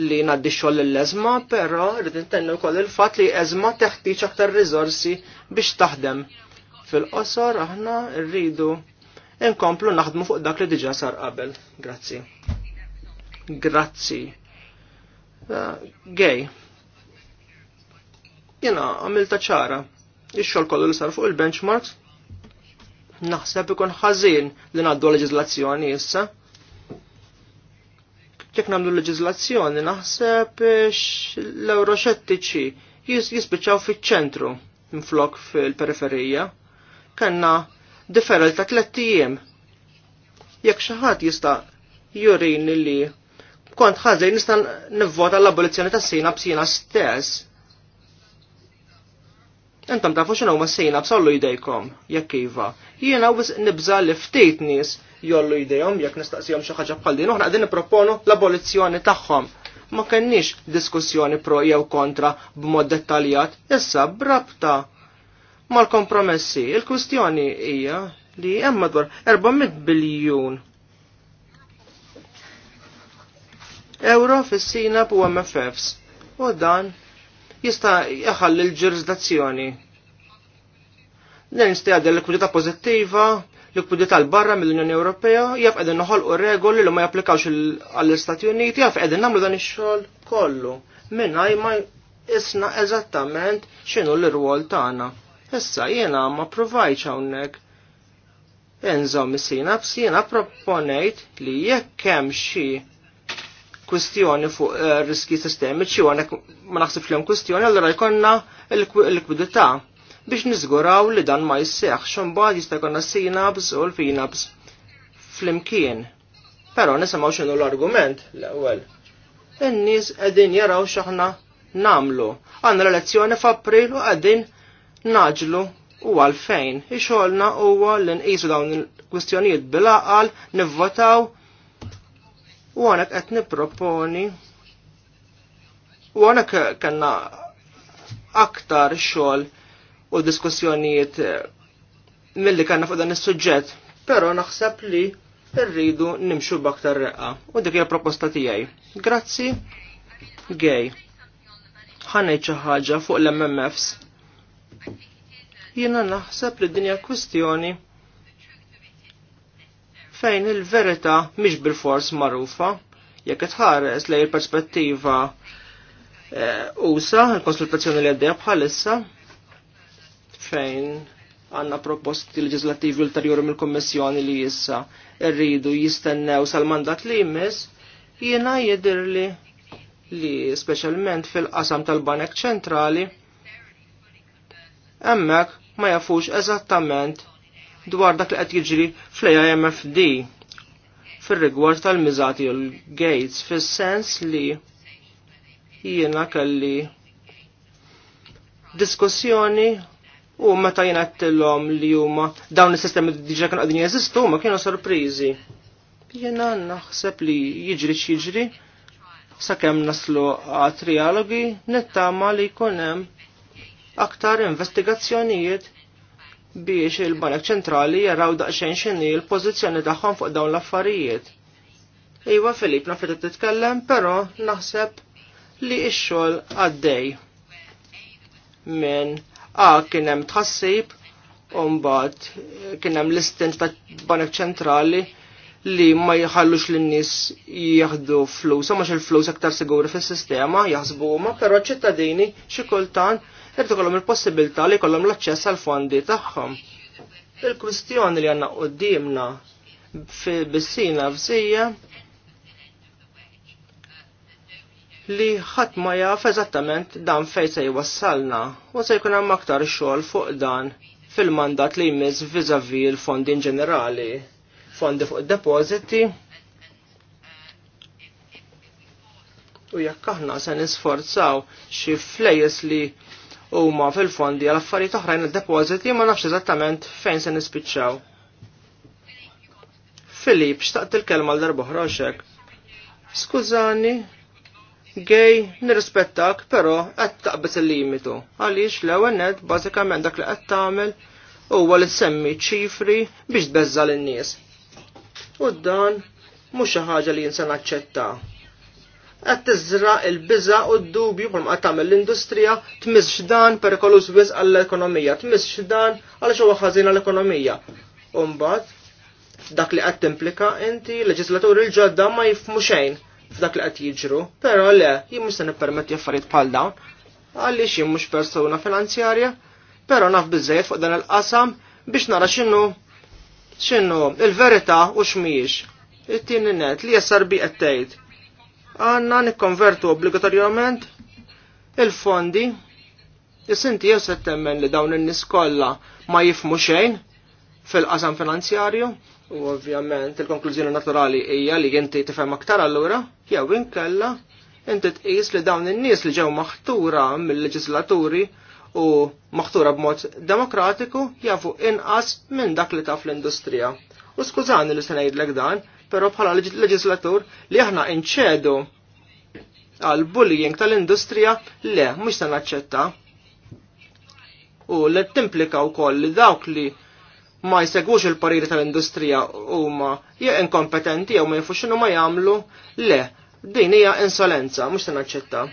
li naddi xoll l-ezma, pero rrid intennu kol il-fat li ezma teħtieġ aktar rizorsi biex taħdem. Fil-qosor aħna rridu inkomplu naħdmu fuq dak li diġa sar qabel. Grazzi. Grazzi. Ah, Gej. Jena għamilta ċara. Ixxol xogħol kollu li sar fuq il-benchmarks naħseb ikun ħażin li ngħaddu leġiżlazzjoni issa. Jekk nagħmlu leġizlazzjoni, naħseb l-euroxettiċi jisbiċċaw fiċ-ċentru minflok fil-periferija. Kenna differal ta' tlettijiem. Jekk xi ħadd jista' jurin li kont ħażej nista' nivvota l-abolizzjoni tas-sejna b'sina stess. Intom tafu xinu ma sejna b'sollu jdejkom, jekk iva. Jiena wis nibża li ftit nies jollu jdejhom jekk nistaqsihom xi ħaġa bħal din, aħna qegħdin nipproponu l-abolizzjoni tagħhom. Ma kenniex diskussjoni pro jew kontra b'mod dettaljat, issa brabta mal-kompromessi. Il-kwistjoni hija li hemm madwar 400 biljun euro fis-sina u MFFs. U dan jista' jaħalli l-ġurisdizzjoni. Dan jista' jgħaddi l-likwidità pożittiva, likwidità l-barra mill-Unjoni Ewropea, jaf qegħdin noħolqu regoli li ma japplikawx għall-Istati Uniti, jaf qegħdin nagħmlu dan ix-xogħol kollu Minn ma isna eżattament x'inhu l-irwol tagħna. Issa jiena ma provajċ hawnhekk. Enżom is-sina b'sina proponejt li jekk hemm xi kwistjoni fuq e, riski sistemiċi u għanek ma naħseb li kwistjoni allura jkollna l-likwidità biex niżguraw li dan ma jisseħx imbagħad jista' jkollna sinaps u l fl flimkien. Però nisimgħu x'inhu l-argument l-ewwel. In-nies qegħdin jaraw x'aħna namlu. Għandna l-elezzjoni f'April u qegħdin naġlu u għalfejn. Ixolna huwa li nqisu dawn il-kwistjonijiet bil-aqal, nivvotaw u għanak qed nipproponi. U għanak kanna aktar xogħol u diskussjonijiet eh, milli kanna fuq dan is-suġġett, però naħseb li rridu nimxu b'aktar reqqa. U dik il proposta tiegħi. Grazzi, gej. Għanajċa xi ħaġa fuq l-MMFs jiena naħseb li dinja kwistjoni fejn il-verità mhix bil-fors magħrufa jekk tħares lej il-perspettiva eh, usa, il-konsultazzjoni li għaddeja bħalissa fejn għanna proposti leġislativi ulterjuri mill-Kommissjoni li jissa irridu jistennew sal-mandat li jmiss, jiena jidirli li specialment fil-qasam tal-Banek ċentrali hemmhekk ma jafux eżattament dwar dak li qed jiġri fl-AIMFD fir-rigward tal-miżati l-gates fis-sens li jiena kelli diskussjoni u meta jiena għattilhom li huma dawn is-sistemi diġà kienu qegħdin jeżistu ma kienu sorpriżi. Jiena naħseb li jiġri x'jiġri sakemm naslu għat trialogi nittama li jkun hemm aktar investigazzjonijiet biex il-Banek Ċentrali jaraw xejn x'inhi l-pożizzjoni tagħhom fuq dawn l-affarijiet. Iva Filip naf titkellem, però naħseb li x-xogħol għaddej. Minn A kien hemm tħassib u mbagħad kien hemm l-istint ta' Banek Ċentrali li ma jħallux l nies jieħdu flus, ma il-flus aktar siguri fis sistema jaħsbuhom, però pero ċittadini kultant irid ikollhom il-possibilità li jkollhom l-aċċess għal fondi tagħhom. Il-kwistjoni li għandna fil bissina f'sija li ħadd ma jaf eżattament dan fejn se jwassalna u se jkun hemm aktar xogħol fuq dan fil-mandat li jmiss viżavi l-fondi in ġenerali, fondi fuq depożiti. u jekk aħna se nisforzaw xi flejjes li huma fil-fondi għal affarijiet oħrajn id-depositi ma nafx eżattament fejn se nispiċċaw. Filip, xtaqt il-kelma l darba ħroxek. Skużani, gej, nirrispettak, però qed taqbis il-limitu. Għaliex l-ewwel nett bażikament dak li qed tagħmel huwa li semmi ċifri biex tbeżża lin-nies. U dan mhux xi ħaġa li jinsa naċċettaw qed tiżra l-biża u d-dubju kull ma tagħmel l-industrija tmiss dan perikolus wisq għall-ekonomija, tmiss dan għal xi ħażin għall-ekonomija. U mbagħad dak li qed timplika inti leġislaturi l-ġodda ma jifmu xejn f'dak li qed jiġru, però le jien mhux se nippermetti affarijiet bħal dawn għaliex jien mhux persuna finanzjarja, però naf biżejjed fuq dan il-qasam biex nara x'inhu x'inhu il-verità u x'mhijiex. It-tieni net li jessar bi qed tgħid għanna nikkonvertu obbligatorjament il-fondi jisinti jew se temmen li dawn in-nies kollha ma jifmu xejn fil-qasam finanzjarju u ovvjament il-konklużjoni naturali hija li inti tifhem aktar allura jew inkella inti tqis li dawn in-nies li ġew maħtura mill-leġislaturi u maħtura b'mod demokratiku jafu inqas minn dak li taf l-industrija. U skużani li se ngħidlek dan, però bħala leġislatur li aħna inċedu għal bullying tal-industrija le, mhux se naċċetta. U li timplika wkoll li dawk li ma jsegwux il-pariri tal-industrija huma jie inkompetenti jew ma jafux ma jagħmlu, le, din hija insolenza, mhux se naċċetta.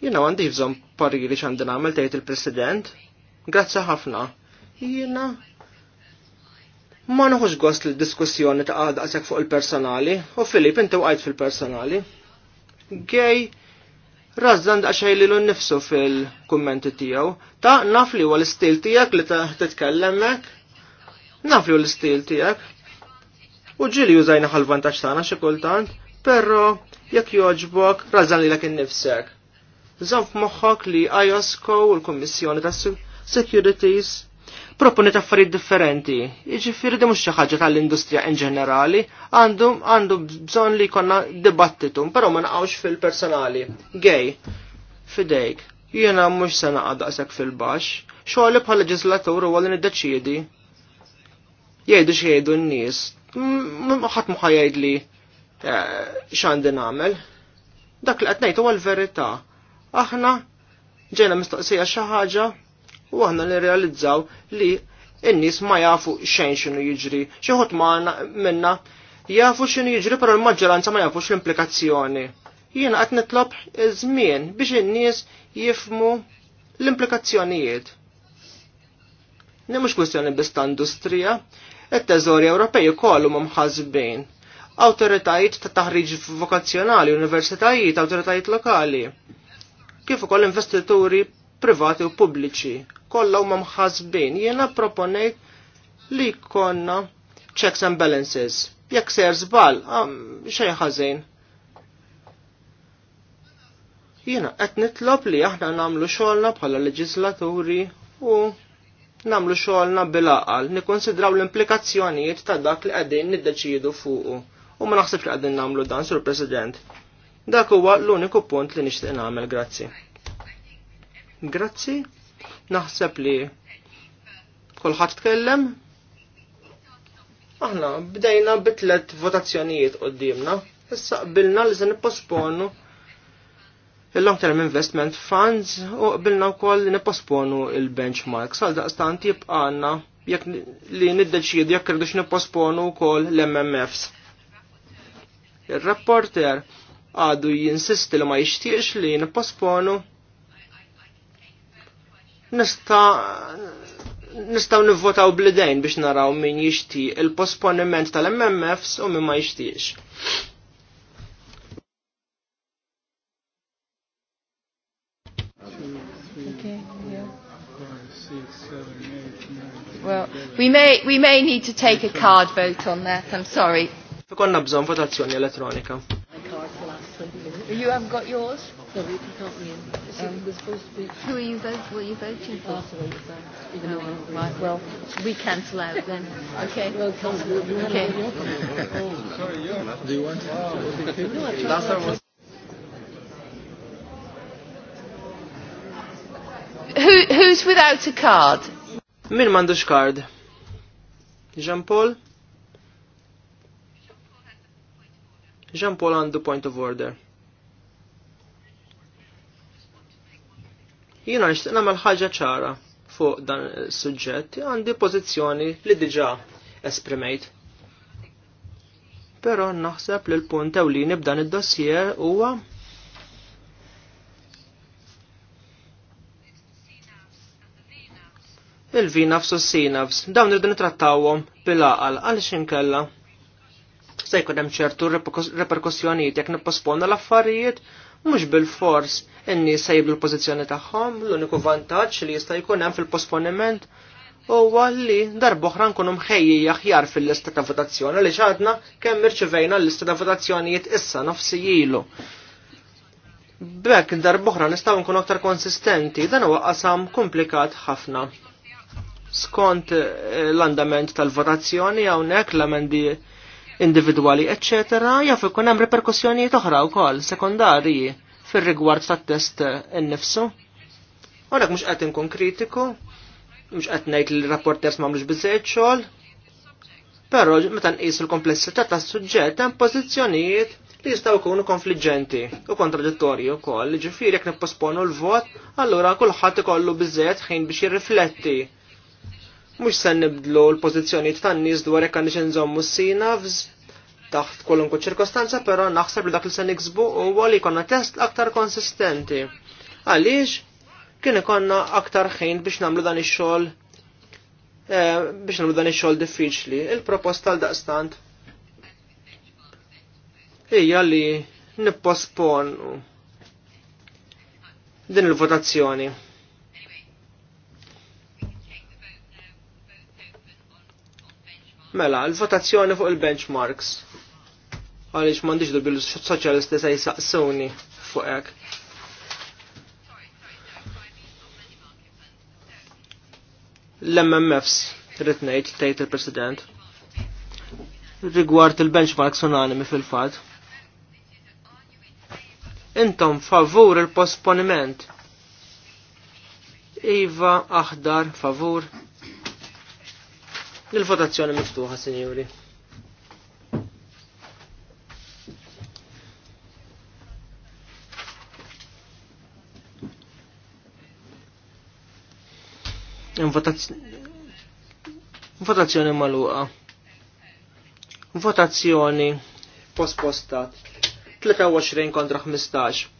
Jina għandi bżon pariri x'għandi nagħmel tgħid il-President. Grazzi ħafna. Jiena ma nħuġ gost l-diskussjoni ta' għadha għasek fuq il-personali, u Filip, inti għajt fil-personali. Gej, razzand għaxaj li l-nifsu fil-kommenti tijaw, ta' naf li l-istil tijak li ta' titkellemmek, nafli u l-istil tijak, u ġili jużajna għal ta' għana xekultant, pero jekk joġbok, razzan li l innifsek. Zanf moħħok li IOSCO u l-Kommissjoni ta' Securities proponi taffariet differenti. Iġifiri di mux ħaġa tal-industrija in ġenerali, għandu għandu bżon li konna dibattitum, pero ma naqawx fil-personali. Gej, fidejk, jena mux sena għadaqsek fil-bax, xoħli bħal leġislatur u għalin id-deċidi. Jgħidu xiejdu n-nis, ħat muħajajd li eh, xandin għamel. Dak li għatnejtu għal-verita. Aħna ġena mistoqsija xaħġa u aħna nirrealizzaw li n-nies ma jafu xejn xinu jiġri. Xi ħodt minna jafu xinu jiġri pero l-maġġoranza ma jafux l-implikazzjoni. Jien qed nitlob żmien biex in-nies jifmu l-implikazzjonijiet. Nimux mhux kwistjoni biss ta' industrija, it-teżori Ewropej ukoll huma mħażbin. Awtoritajiet ta' taħriġ vokazzjonali, universitajiet, awtoritajiet lokali. Kif ukoll investituri privati u pubbliċi. Kollha huma mħasbin. Jiena proponejt li konna checks and balances. Jekk ser żball, xejn ħażin. Jiena qed nitlob li aħna nagħmlu xogħolna bħala leġislaturi u namlu xolna bil-aqal, nikkonsidraw l-implikazzjonijiet ta' dak li qegħdin niddeċiedu fuqu. U ma naħseb li għedin nagħmlu dan sur President. Dak huwa l-uniku punt li nixtieq nagħmel, grazzi. Grazzi. Naħseb li kulħadd tkellem. Aħna bdejna bitlet votazzjonijiet qoddimna. Issa qbilna li se nipposponu il-long term investment funds u qbilna wkoll li nipposponu il-benchmarks għal daqstant jibqa jekk li niddeċiedi jekk rridux nipposponu wkoll l-MMFs. Il-rapporter għadu jinsisti li ma jixtieqx li nipposponu nista nistaw nivvotaw blidejn biex naraw min jishti il-posponiment tal-MMFs u min ma jishtiex. Well, we may, we may need to take a card vote on that, I'm sorry. Fikonna bżon votazzjoni elettronika. You haven't got yours? No, you can't win. Um, we're supposed to be... Who are you, vote, what you voting for? Oh, right, well, we cancel out then. Okay. Well, Okay. oh, sorry, yeah. Do you want? Wow. Last time was Who, who's without a card? Min mandux card? Jean Paul? Jean Paul the point of order. Jiena nishtiq nagħmel ħaġa ċara fuq dan is-suġġett għandi pożizzjoni li diġa' esprimejt. Però naħseb li l-punt ewlieni b'dan id-dossier huwa il-vinafs u s-sinafs, dawn irdu nitrattawhom bil-aqal għaliex inkella. Se jkun hemm ċertu reperkussjonijiet jekk nipposponna l-affarijiet mhux bil-fors inni nies l-pożizzjoni tagħhom, l-uniku vantaġġ li jista' jkun hemm fil-posponiment huwa li darb'oħra nkunu mħejji aħjar fil-lista ta' votazzjoni li xadna kemm irċivejna l-lista ta' votazzjonijiet issa nofsi ilu. Bekk darb'oħra nistgħu nkun aktar konsistenti, dan huwa qasam komplikat ħafna. Skont eh, l-andament tal-votazzjoni hawnhekk l-amendi individwali, eccetera, jaf ikun hemm reperkussjonijiet oħra wkoll sekondarji fir-rigward tat-test innifsu. Għalhekk mhux qed inkun kritiku, mhux qed ngħid li rapporters m'għamlux biżejjed xogħol, però meta nqisu l-komplessità tas-suġġett hemm pożizzjonijiet li jistgħu jkunu konfliġġenti u kontradittorji wkoll, ġifieri jekk nipposponu l-vot, allura kulħadd ikollu biżejjed ħin biex jirrifletti mhux se nibdlu l-pożizzjonijiet tan-nies dwar hekk għandix inżommu s-sina taħt kwalunkwe ċirkostanza, però naħseb li dak li se niksbu huwa li jkollna test aktar konsistenti. Għaliex kien konna aktar ħin biex nagħmlu dan ix-xogħol eh, biex nagħmlu dan ix-xogħol diffiċli. Il-proposta għal daqstant hija li nipposponu din il-votazzjoni. Mela, l-votazzjoni fuq il-benchmarks. Għaliex mandiġ dubbi l-soċjalisti se jisaqsuni fuq hekk. L-MMFs, trid ngħid tgħid il-President. Rigward il-benchmarks unanimi fil-fatt. Intom favur il-posponiment. Iva aħdar favur Il-votazzjoni miftuħa, sinjuri. Votazzjoni maluqa. Votazzjoni pospostat. 23 kontra 15.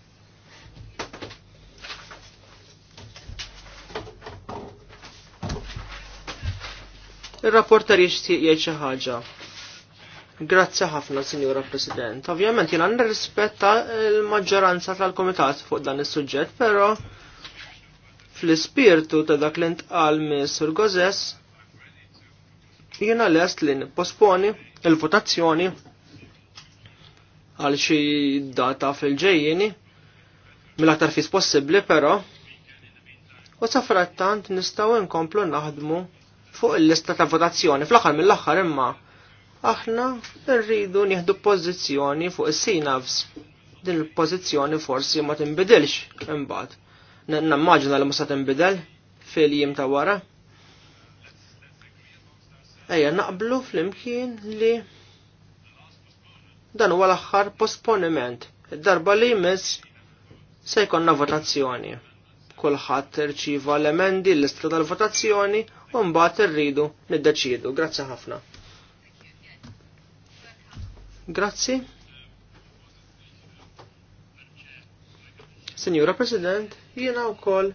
Il-rapporter jixtieq jgħid xi ħaġa. Grazzi ħafna, Signora President. Ovvjament jiena nirrispetta l-maġġoranza tal-Kumitat fuq dan is-suġġett, però fl-ispirtu ta' dak li ntqal Mr. Gozes jiena lest li nipposponi il-votazzjoni għal xi data fil-ġejjieni mill-aktar fis possibbli però u safrattant nistgħu nkomplu naħdmu fuq il-lista ta' votazzjoni. Fl-aħħar mill-aħħar imma aħna rridu nieħdu pożizzjoni fuq is-sinavs. Din il-pożizzjoni forsi ma tinbidilx imbagħad. Nammaġina li ma tinbidel fil-jiem ta' wara. Ejja naqblu fl-imkien li dan huwa l-aħħar posponiment. Id-darba li jmiss se jkollna votazzjoni. Kulħadd irċiva l-emendi l-lista tal-votazzjoni u mbagħad irridu niddeċiedu. Grazzi ħafna. Grazzi. Signora President, jiena wkoll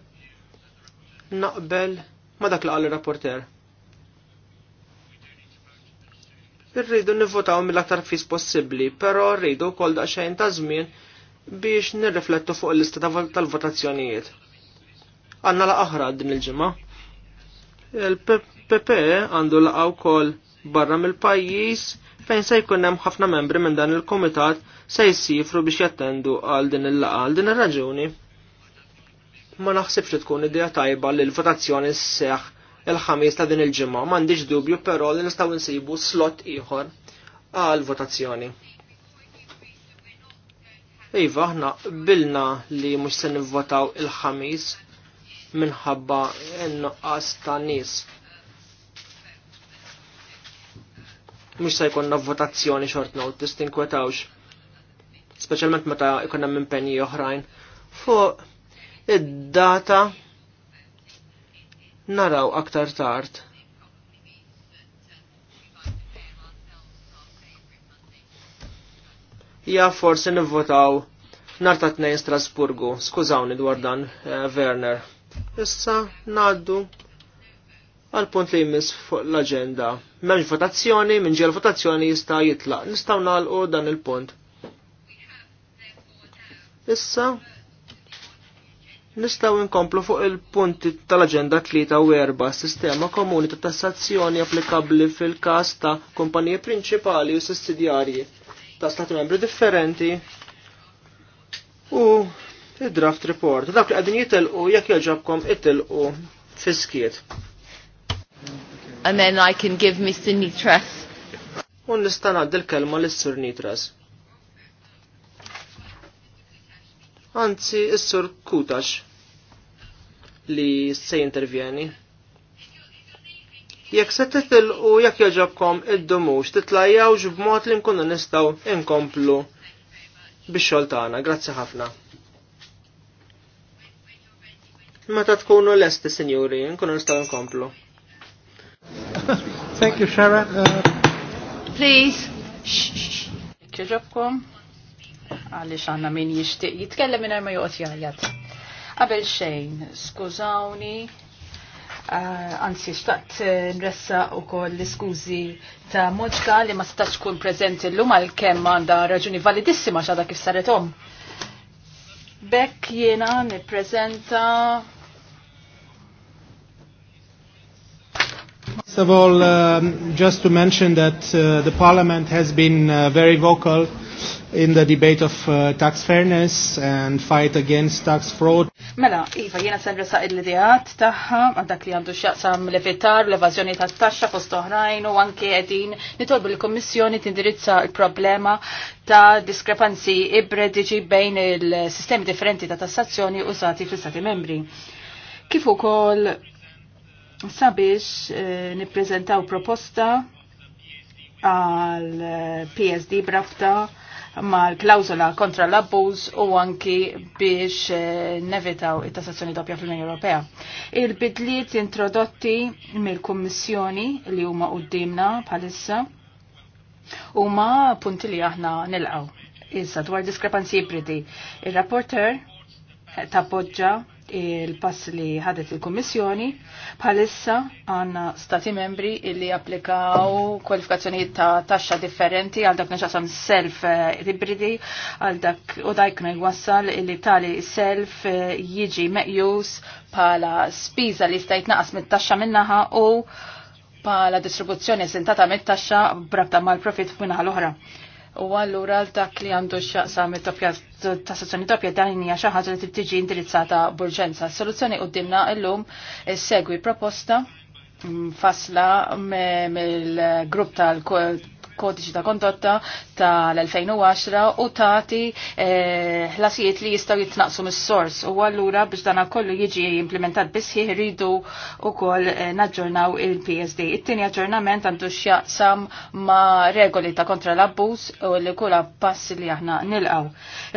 naqbel ma dak li qal ir-rapporter. irridu nivvotaw mill-aktar fis possibbli, però rridu wkoll daqsxejn ta' żmien biex nirriflettu fuq il-lista tal-votazzjonijiet. Għanna la aħra din il-ġimgħa il ppe għandu laqaw kol barra mill-pajis fejn se jkun hemm ħafna membri minn dan il-komitat se jsifru biex jattendu għal din il-laqa għal din ir-raġuni. Ma naħsibx li tkun idea tajba li l-votazzjoni sseħħ il-ħamis ta' din il-ġimgħa m'għandix dubju però li nistgħu nsibu slot ieħor għal votazzjoni. Iva, aħna bilna li mhux se nivvotaw il-ħamis minħabba n-nuqqas ta' nies. Mhux se jkollna votazzjoni short notice tinkwetawx. Specialment meta jkollna minn penji oħrajn. Fuq id-data naraw aktar tard. Ja forsi nivvotaw nartat nejn tnejn Strasburgu, skużawni dwar dan, eh, Werner. Issa naddu għal punt li jmiss fuq l-agenda. Memġ votazzjoni, minn ġiel votazzjoni jista' jitlaq. Nistgħu nagħlqu dan il-punt. Issa nistgħu nkomplu fuq il-punti tal-aġenda 3 u 4 sistema komuni ta' tassazzjoni applikabbli fil-każ ta' kumpaniji prinċipali u sussidjarji ta' stati membri differenti u il-draft report. Dak li għadin jitilqu jekk joġobkom itilqu fiskiet. And then I can give Mr. Nitras. Un nista' ngħaddi kelma lis-Sur Nitras. Anzi, is-Sur Kutax li se intervjeni. Jekk se titilqu jekk jaġabkom id-dumux titlajjawx b'mod li nkunu nistgħu inkomplu bix-xogħol tagħna. Grazzi ħafna. Meta tkunu l-esti, signori, nkunu nistaw nkomplu. Thank you, Sharon. Uh... Please. Kħiġobkom. Għaliex għandna min jixtieq jitkellem minn ma joqgħod jgħajjat. Għabel xejn, skużawni, uh, Anzi, xtaqt uh, nressa u koll l-skużi ta' Moġka li ma stax kun prezenti l-lum għal-kem għanda raġuni validissima xada kif saretom. Bekk jena niprezenta First of all, um, just to mention that uh, the Parliament has been uh, very vocal in the debate of uh, tax fairness and fight against tax fraud. Mela, Iva, jena sen resa il-lidijat taħħa, għandak li għandu xaqsam l-evitar, l-evazjoni ta' taxxa fost oħrajn u anke għedin nitolbu l-Kommissjoni tindirizza il-problema ta' diskrepanzi ibrediġi bejn il-sistemi differenti ta' tassazzjoni użati fl-Stati membri. Kif ukoll sabiex niprezentaw eh, nippreżentaw proposta għal eh, PSD brafta mal-klawzola kontra l-abbuż u anki biex eh, nevitaw it-tassazzjoni doppja fl-Unjoni Ewropea. Il-bidliet introdotti mill-Kummissjoni li huma qudiemna bħalissa huma punti li aħna nilqgħu. Issa dwar diskrepanzi ibridi. Ir-rapporter tappoġġa il-pass li ħadet il-Kommissjoni, bħalissa għanna stati membri illi applikaw kwalifikazzjonijiet ta' taxxa differenti għal dak neċasam self eh, ibridi għal dak u dajk wassal illi tali self eh, jiġi meqjus bħala spiża li stajt naqas mit-taxxa minnaħa u bħala distribuzzjoni sentata mit-taxxa brabta mal-profit minnaħa l-oħra. U allura dak li għandu xaqsam ta' sezzjoni doppja dan hija xi ħaġa li tiġi indirizzata b'urġenza. Soluzzjoni qudiemna llum segwi proposta mm, fasla mill-grupp tal-Kw kodiċi ta' kondotta tal-2010 u tagħti eh, ħlasijiet li jistgħu jitnaqsu mis-sors u allura biex dana kollu jiġi implementat bisħi rridu wkoll eh, naġġornaw il-PSD. It-tieni aġġornament għandu x'jaqsam ma' regoli ta' kontra l-abbuż u li kula pass li aħna nilqaw.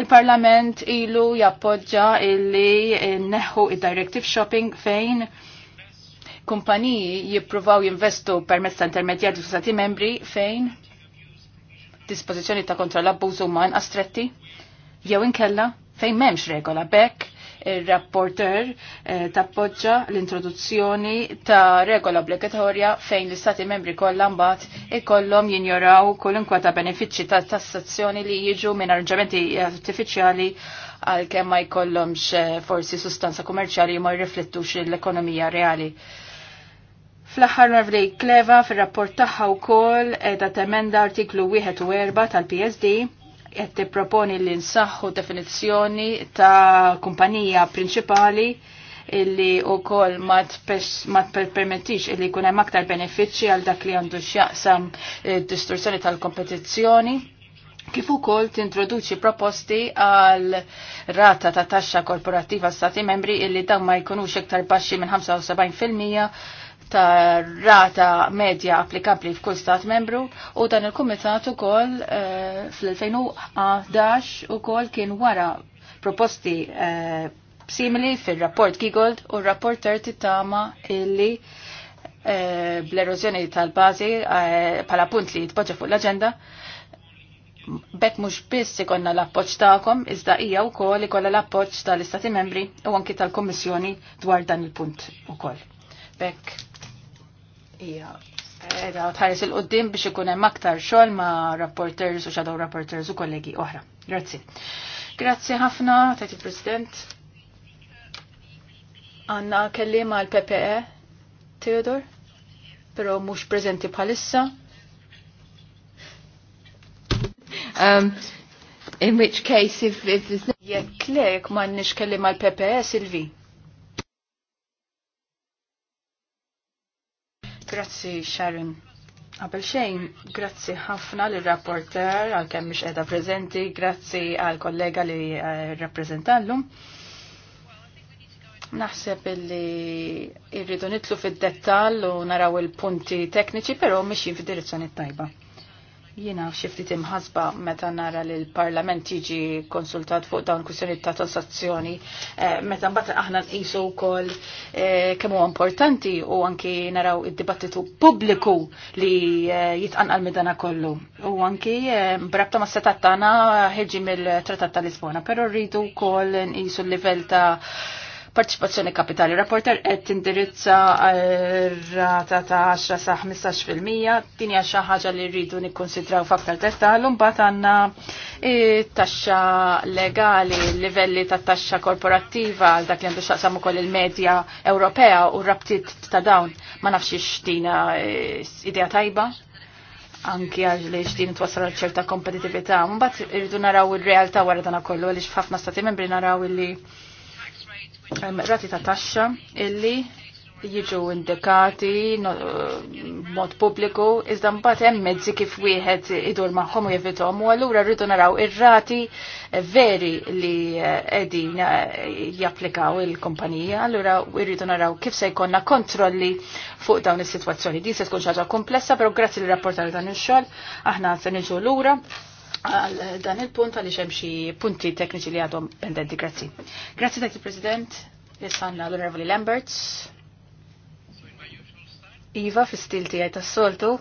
Il-Parlament ilu jappoġġa illi neħu id-directive shopping fejn kumpaniji jippruvaw jinvestu permezz ta' intermedjarju stati membri fejn dispożizzjoni ta' kontra l-abbuż uman astretti? Jew inkella fejn m'hemmx regola bekk il-rapporter eh, tappoġġa l-introduzzjoni ta' regola obbligatorja fejn l-istati membri kollha mbagħad ikollom jinjoraw kulunkwa ta' benefiċċji ta' tassazzjoni li jiġu minn arranġamenti artifiċjali għalkemm ma jkollhomx eh, forsi sustanza kummerċjali ma jirriflettux l-ekonomija reali. Fl-aħħar Marvrej Kleva fir-rapport tagħha wkoll edha temenda artiklu 1 u tal-PSD qed tipproponi li nsaħħu definizzjoni ta' kumpanija prinċipali illi u kol ma permettix illi kun hemm aktar benefiċċji għal dak li għandu x'jaqsam eh, distorsjoni tal-kompetizzjoni kif ukoll tintroduċi proposti għal rata ta' taxxa korporattiva stati membri illi dawn ma jkunux iktar baxxi minn 75% ta' rata medja applikabli f'kull stat membru u dan il-kumitat ukoll uh, fl-2011 ukoll kien wara proposti uh, simili fil-rapport Gigold u rapport terti tama illi uh, bl-erozjoni tal-bazi pala punt li jitpoġġa fuq l-agenda bekk mhux biss ikonna l-appoġġ tagħkom iżda hija wkoll ikolla l-appoġġ tal-Istati Membri u anki tal kummissjoni dwar dan il-punt ukoll. Bekk Eda edha tħares il-qoddim biex ikun hemm aktar xogħol ma' rapporters u xadow rapporters u kollegi oħra. Grazzi. Grazzi ħafna, Tati president Għanna ma' l-PPE, Theodor, pero mux prezenti bħalissa. Um, in which case if, if there's no... Jekk lek ma' nix kellima l-PPE, Silvi. Grazzi Sharon. Qabel xejn, grazzi ħafna l rapporter għal kemm mhix qiegħda prezenti, grazzi għal kollega li eh, rappreżentallum. Naħseb li irridu nitlu fid-dettall u naraw il-punti tekniċi, però mixin fid-direzzjoni tajba. Jiena xiftit imħasba meta nara li l-Parlament jiġi konsultat fuq dawn kwistjoni ta' tassazzjoni, eh, meta mbagħad aħna nqisu wkoll eh, kemm huwa importanti u anki naraw id-dibattitu pubbliku li eh, jitqanqal midana kollu. U anki brabta ma' setat tagħna ħeġi mill-Trattat ta' Lisbona, però rridu wkoll nqisu l-livell ta' Parċipazzjoni kapitali. Rapporter qed tindirizza eh, rata ta' 10 sa' 15% din hija xi ħaġa li rridu nikkonsidraw f'aktar dettall imbagħad għandna eh, taxxa legali, livelli ta' taxxa korporattiva għal dak li għandu xaqsam ukoll il-medja Ewropea u rabtiet ta' dawn ma nafx x'tina eh, idea tajba anki għax li xtin twassal ċerta kompetitività. Mbagħad irridu naraw ir-realtà wara dan kollu għaliex f'ħafna stati membri naraw li rati ta' taxxa illi jiġu indikati eh, mod pubbliku, iżda mbagħad hemm mezzi kif wieħed idur magħhom u jevitom u allura rridu naraw ir-rati veri li eh, qegħdin eh, japplikaw il-kumpanija, allura rridu naraw kif se jkollna kontrolli fuq dawn is-sitwazzjoni. Din se tkun xi ħaġa komplessa, però grazzi lir rapportar dan ix-xogħol aħna se niġu lura għal dan il-punt għaliex hemm xi punti tekniċi li għadhom pendenti. Grazzi. Grazzi Dr. president Jessanna l-Onorevoli Lamberts. Iva, fil-stil tiegħi tas-soltu,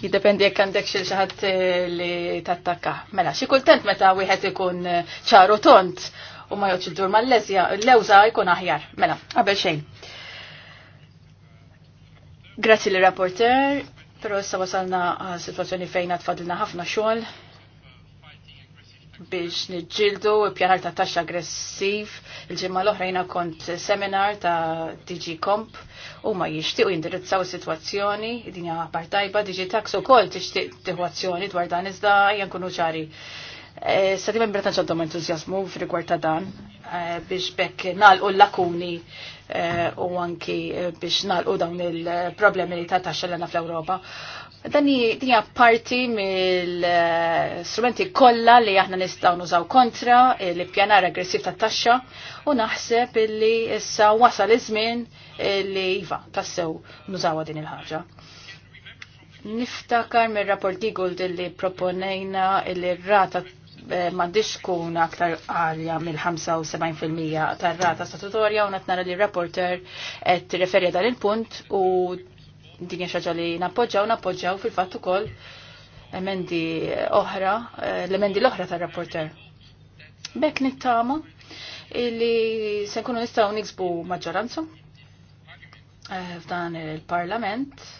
jiddependi jekk għandek xi ħadd eh, li tattakka. Mela, xi kultent meta wieħed ikun eh, ċaru tont u ma joċ id-dur mal-lezja, l lewza jkun aħjar. Mela, qabel xejn. Grazzi l rapporter Pero issa wasalna situazzjoni fejna tfadilna ħafna xogħol biex niġġildu pjanar ta' taxxa aggressiv. Il-ġimma l-oħrajna kont seminar ta' DG Comp u ma u jindirizzaw situazzjoni, din hija partajba, DG Tax ukoll tixtieq tieħu dwar dan iżda jankunu ċari. Eh, Sadim imbretan membri ta' ċaddom entuzjazmu f'rigward ta' dan Eh, biex bekk nalqu l-lakuni eh, u anki eh, biex nalqu dawn il-problemi li ta' taxxa l fl-Ewropa. Dan hija parti mill-strumenti kollha li aħna nistgħu nużaw kontra l-ippjanar aggressiv tat-taxxa u naħseb illi issa wasal iż-żmien li iva tassew nużawha din il-ħaġa. Niftakar mir rapport Gold li proponejna il-rata Eh, m'għandix tkun aktar għalja mill-75% tar-rata statutorja u qed nara li rapporter qed referja dan il-punt u din hija xaġa li nappoġġaw nappoġġaw fil-fatt ukoll emendi oħra, eh, l-emendi l-oħra tar-rapporter. Bek nittama illi se nkunu nistgħu niksbu maġġoranza eh, f'dan il-Parlament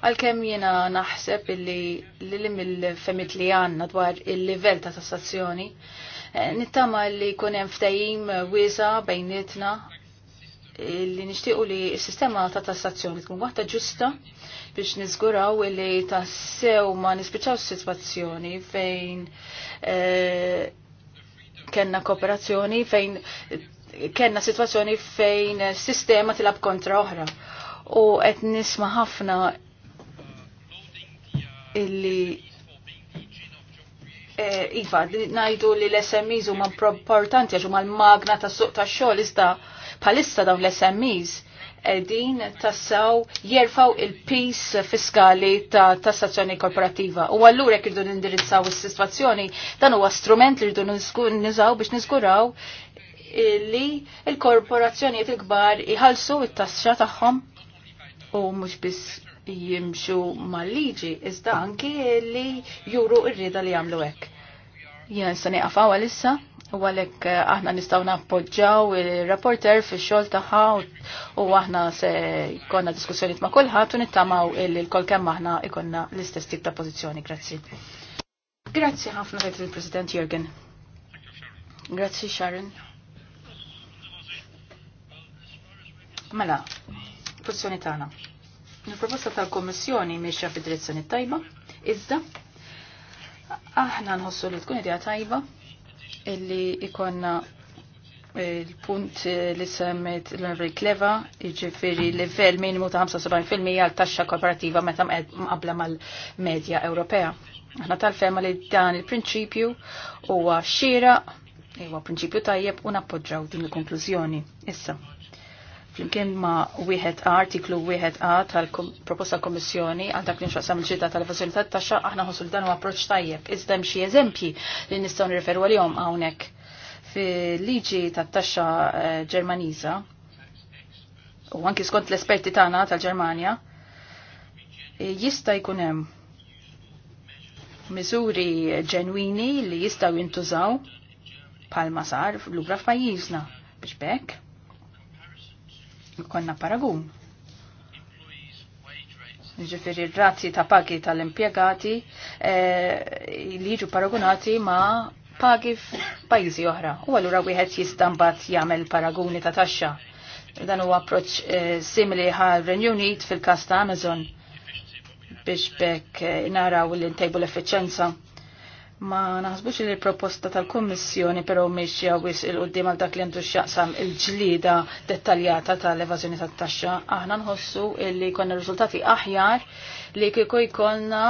Għalkemm jiena naħseb illi li il femit li għandna dwar il-livell ta' tassazzjoni, eh, nittama li jkun hemm ftehim wiesa bejnietna li nixtiequ li s-sistema ta' tassazzjoni tkun waħda ġusta biex nizguraw li tassew ma nispiċaw situazzjoni fejn e, eh, kenna kooperazzjoni fejn kenna situazzjoni fejn sistema tilab kontra oħra. U qed nisma ħafna illi eh, Iva, najdu li l-SMEs huma importanti għax huma l-magna tas suq tax xogħol iżda bħalissa dawn l-SMEs din tassaw jerfaw il-pis fiskali ta' tassazzjoni korporattiva. U allura jekk irdu nindirizzaw is-sitwazzjoni, dan huwa strument li rridu niżaw biex niżguraw li l korporazzjonijiet il-kbar iħallsu it-taxxa tagħhom u mhux biss jimxu mal-liġi, iżda anki li juru ir-rida li jagħmlu hekk. Jien se nieqafaw għalissa u għalek eh, aħna nistaw nappoġġaw il-rapporter fi xol taħħa u aħna se konna diskussjoniet ma' kullħat u nittamaw il-kol kemm aħna ikonna l-istess tip ta' pozizjoni. Grazzi. Grazzi ħafna għet il-President Jürgen. Grazzi Sharon. Mela, pozizjoni taħna. Il-proposta tal-Kommissjoni miexja fid-direzzjoni tajba, iżda aħna nħossu li tkun idea tajba illi ikonna il-punt li semmet l-Henry Kleva, iġifiri level minimu ta' 75% għal taxxa korporativa meta mqabla mal-medja Ewropea. Aħna tal-fema li dan il-prinċipju huwa xira, huwa prinċipju tajjeb u nappoġġaw din il-konklużjoni. Issa, flimkien ma' wieħed A, artiklu wieħed A tal-proposta Kommissjoni għal dak sam il-ġidda tal-evasjoni tat-taxxa aħna ħossu dan u approċċ tajjeb. Iżda hemm xi eżempji li nistgħu nirreferu għalihom hawnhekk fil-liġi tat-taxxa eh, Ġermaniża u anki skont l-esperti tagħna tal-Ġermanja jista' jkun hemm miżuri ġenwini li jistgħu jintużaw palma sar lura f'pajjiżna biex bekk konna paragun. Ġifiri r-razzi ta' pagi tal-impiegati eh, li ġu paragunati ma' pagi f'pajjiżi oħra. U allura wieħed jista' mbagħad jagħmel paraguni ta' taxxa. Dan huwa approċċ eh, simili ħal Renew Unit fil-każ ta' Amazon biex bekk eh, naraw l-intejbu l efficienza Ma naħsbux li l-proposta tal-Kommissjoni però mhix jawis il-qudiem għal dak li għandu x'jaqsam il-ġlida dettaljata tal-evażjoni tat-taxxa. Aħna nħossu li konna riżultati aħjar li kieku jkollna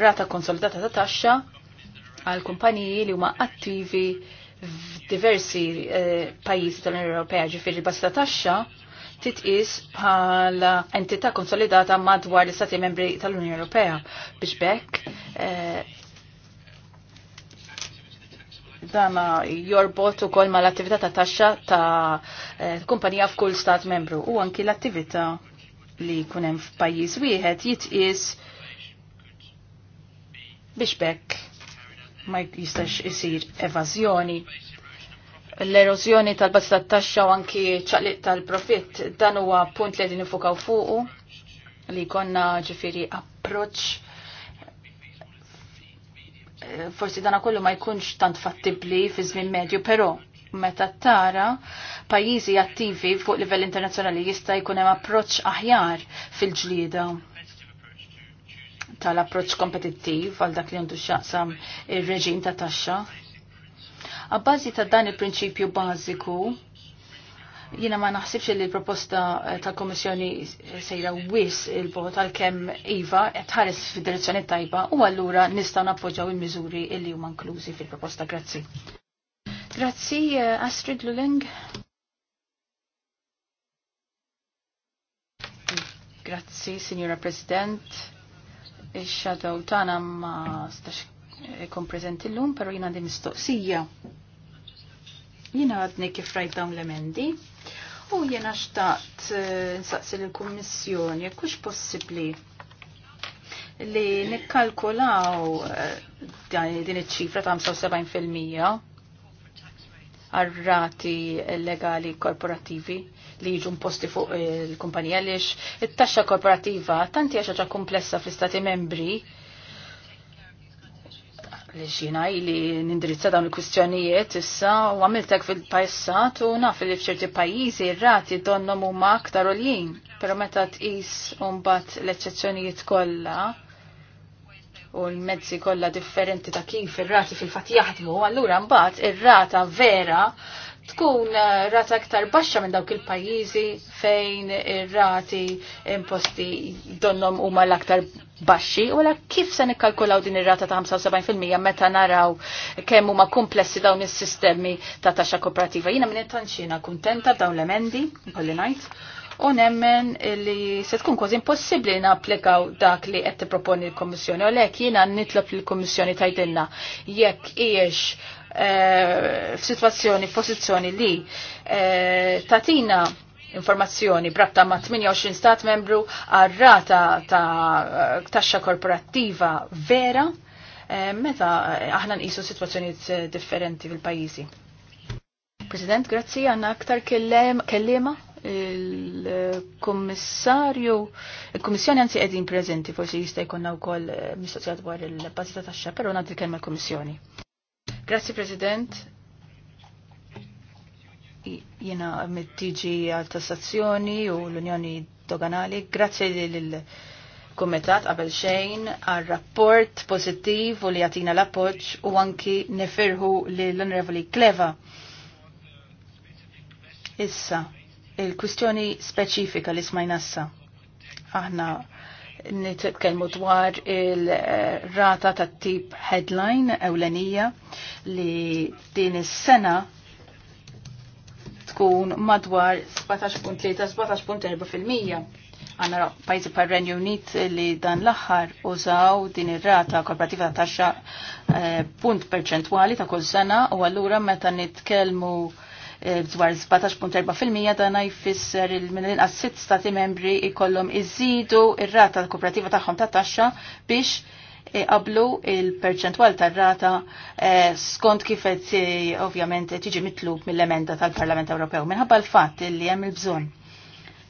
rata konsolidata ta' taxxa għal kumpaniji li huma attivi f'diversi eh, pajjiżi tal-Unjoni Ewropea ġifieri basta taxxa titqis bħala entità konsolidata madwar l-Istati membri tal-Unjoni Ewropea biex bekk eh, dana jorbot u kol ma l-attività ta' taxxa ta' eh, kumpanija f'kull stat membru u anki l-attività li kunem f'pajjiż wieħed jitqis biex bekk ma jistax isir evażjoni. l erożjoni tal-bazz tat-taxxa u anki ċaqliq tal-profitt dan huwa punt li nifukaw fuqu li konna ġifiri approċċ forsi dana kollu ma jkunx tant fattibli fi żmien medju, però meta tara pajjiżi attivi fuq livell internazzjonali jista' jkun hemm approċċ aħjar fil-ġlieda tal-approċċ kompetittiv għal dak li għandu x'jaqsam ir-reġim ta' taxxa. Abbażi ta' dan il-prinċipju bażiku Jina ma naħsibx li l-proposta eh, tal-Komissjoni sejra wis il-bot għal-kem Iva tħares f direzzjoni tajba u għallura nistaw nappoġġaw il-miżuri illi huma inklużi fil-proposta. Grazzi. Grazzi, eh, Astrid Luling. Grazzi, Signora President. Ix-xadow tana ma stax eh, ikun prezenti l-lum, pero jina di mistoqsija. Jina għadni kif rajt dawn l-emendi u jena xtaqt eh, nsaqsi l-Kommissjoni, kux possibli li nikkalkulaw eh, din iċ-ċifra ta' 75% għal-rati legali korporativi li jiġu imposti fuq il-kumpanija lix it-taxxa korporativa tanti għaxa komplessa fl-istati membri Leġina xina li nindirizza dawn il-kwistjonijiet issa u għamiltek fil-passat u naf li fċerti pajizi rati donnom u ma aktar u l-jien. Pero meta tqis umbat l-eccezzjonijiet kollha u l-mezzi kollha differenti ta' kif ir-rati fil-fatt jaħdmu, allura mbagħad ir-rata vera tkun eh, rata aktar baxxa minn dawk il-pajjiżi fejn ir-rati imposti donnom huma l-aktar baxxi u la kif se nikkalkulaw din ir-rata ta' 75% meta naraw kemm huma komplessi dawn is-sistemi ta' taxxa kooperativa. Jiena minn tanċina kuntenta dawn l-emendi, kolli ngħid, u nemmen li se tkun kważi impossibbli napplikaw dak li qed tipproponi l-Kommissjoni. għalhekk jiena nitlob lill-Kummissjoni tgħidilna jekk hijiex eh, f'sitwazzjoni f'pożizzjoni li eh, tatina informazzjoni bratta ma' 28 stat membru għarrata ta' taxxa korporattiva vera eh, meta eh, aħna nqisu situazzjonijiet eh, differenti fil-pajjiżi. President, grazzi għanna aktar kellema il-kommissarju, il-kommissjoni għanzi għedin prezenti, forsi jista' jkunna wkoll mistoqsijat dwar il bazita taxxa, però nagħti kelma l-kommissjoni. Grazzi President, jena mit-tiġi għal-tassazzjoni u l-Unjoni Doganali. Grazzi l-Komitat qabel xejn għal-rapport pozittiv u li għatina l-appoċ u anki nefirħu l-Onorevoli Kleva. Issa, il-kwistjoni speċifika li smajnassa. Aħna nitkellmu dwar il-rata tat tip headline ewlenija li din is-sena tkun madwar 17.3-17.4%. Għanna pajzi par Renju Unit li dan l-axħar użaw din ir-rata korporativa ta' taxxa eh, punt perċentwali ta' kull sena u allura meta nitkellmu eh, dwar 17.4% dan jfisser il-minqas sitt stati membri ikollhom iżidu ir-rata korporativa tagħhom ta' taxxa biex qablu il-perċentwal tar-rata eh, skont kif qed eh, ovvjament tiġi mitlub mill-emenda tal-Parlament Ewropew minħabba l-fatt li hemm il-bżonn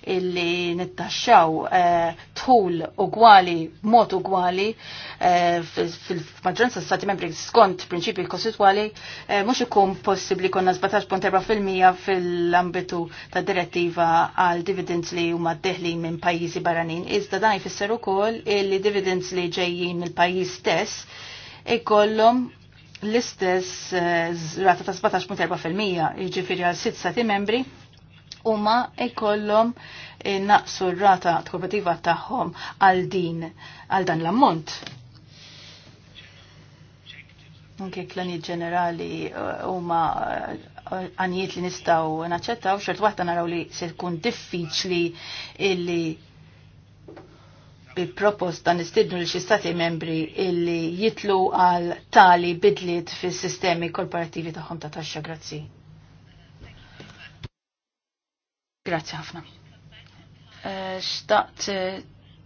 illi nittaxxaw eh, tħul ugwali, mod ugwali eh, fil-maġġoranza stati membri skont prinċipji kostituali eh, mhux ikun possibbli konna 17.4% fil-ambitu mija fil ta' direttiva għal dividends li huma deħlin minn pajjiżi barranin. Iżda dan jfisser ukoll illi dividends li ġejjin mill-pajjiż stess ikollhom l-istess rata ta' 17.4% jiġifieri għal sitt stati membri huma jkollhom eh, naqsu r-rata korporativa tagħhom għal din għal dan l-ammont. Anke klani ġenerali eh, huma eh, għanijiet li nistaw naċċettaw, xert waħda naraw li se tkun diffiċli illi bi-proposta nistidnu li xistati membri illi jitlu għal tali bidliet fis sistemi korporativi tagħhom ta' taxxa grazzi. Grazzi ħafna. Eh, xtaqt eh,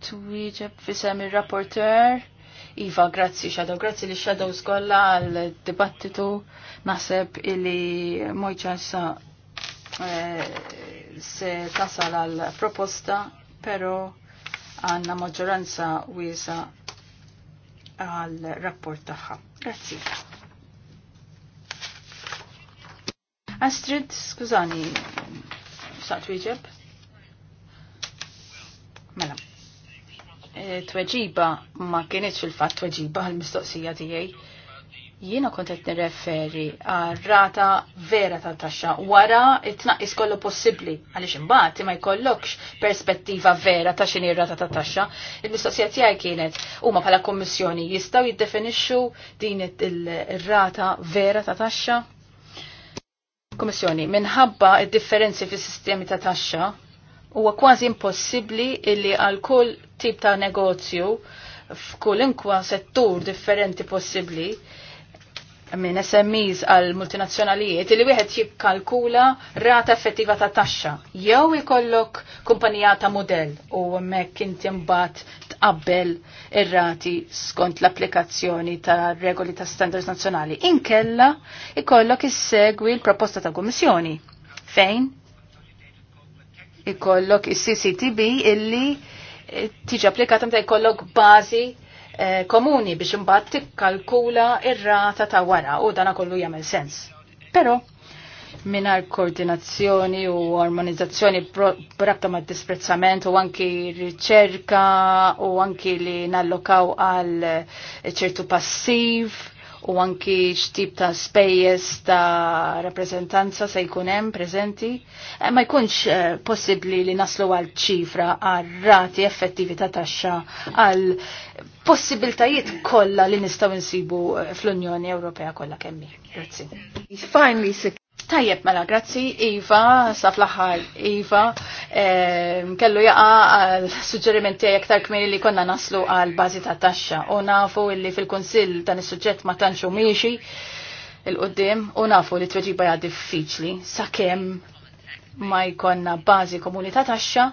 twieġeb fisem il-rapporter. Iva, grazzi Shadow, grazzi li Shadow skolla għal dibattitu naħseb illi mojċa sa eh, se tasal għal proposta, pero għanna maġġoranza wiesa għal rapport tagħha. Grazzi. Astrid, skużani, saqt wieġeb? Mela. E, tweġiba ma kienitx il fat tweġiba għal-mistoqsija tiegħi. Jiena kont qed nirreferi għal rata vera ta' taxxa wara it-tnaqqis kollu possibbli għaliex imbagħad ma jkollokx perspettiva vera ta' x'inhi rata ta' taxxa. Il-mistoqsija tiegħi kienet huma bħala kommissjoni jistgħu jiddefinixxu din il rata vera ta' taxxa? Komissjoni, minħabba id-differenzi fis sistemi ta' taxxa, huwa kważi impossibbli illi għal kull tip ta' negozju f'kull inkwa settur differenti possibbli minn SMEs għal multinazzjonalijiet li wieħed jikkalkula rata effettiva ta' taxxa. Jew ikollok kumpanija ta' model u hemmhekk inti mbagħad tqabbel ir-rati skont l-applikazzjoni ta' regoli ta' standards nazzjonali. Inkella ikollok issegwi l-proposta ta' Kummissjoni. Fejn? Ikollok is-CCTB illi eh, tiġi applikata meta jkollok bażi eh, komuni biex imbagħad tikkalkula ir-rata ta' wara u dana kollu jagħmel sens. Però minar koordinazzjoni u armonizzazzjoni brabta ma' disprezzament u anki riċerka u anki li nallokaw għal ċertu passiv u anki xtib ta' spejjes ta' rappresentanza se jkun hemm preżenti, eh, ma jkunx eh, possibbli li naslu għal ċifra għal rati effettivi ta' taxxa għal possibiltajiet kollha li nistgħu nsibu eh, fl-Unjoni Ewropea kollha kemm Grazie. Tajjeb mela, grazzi, Iva, saf laħar, Iva, kellu jaqa għal suġġerimenti aktar kmini li konna naslu għal bazi ta' taxxa. U nafu illi fil-konsil dan is-suġġett ma tanxu miexi il-qoddim, u nafu li tweġiba hija diffiċli sakemm ma jkonna bazi komuni ta' taxxa.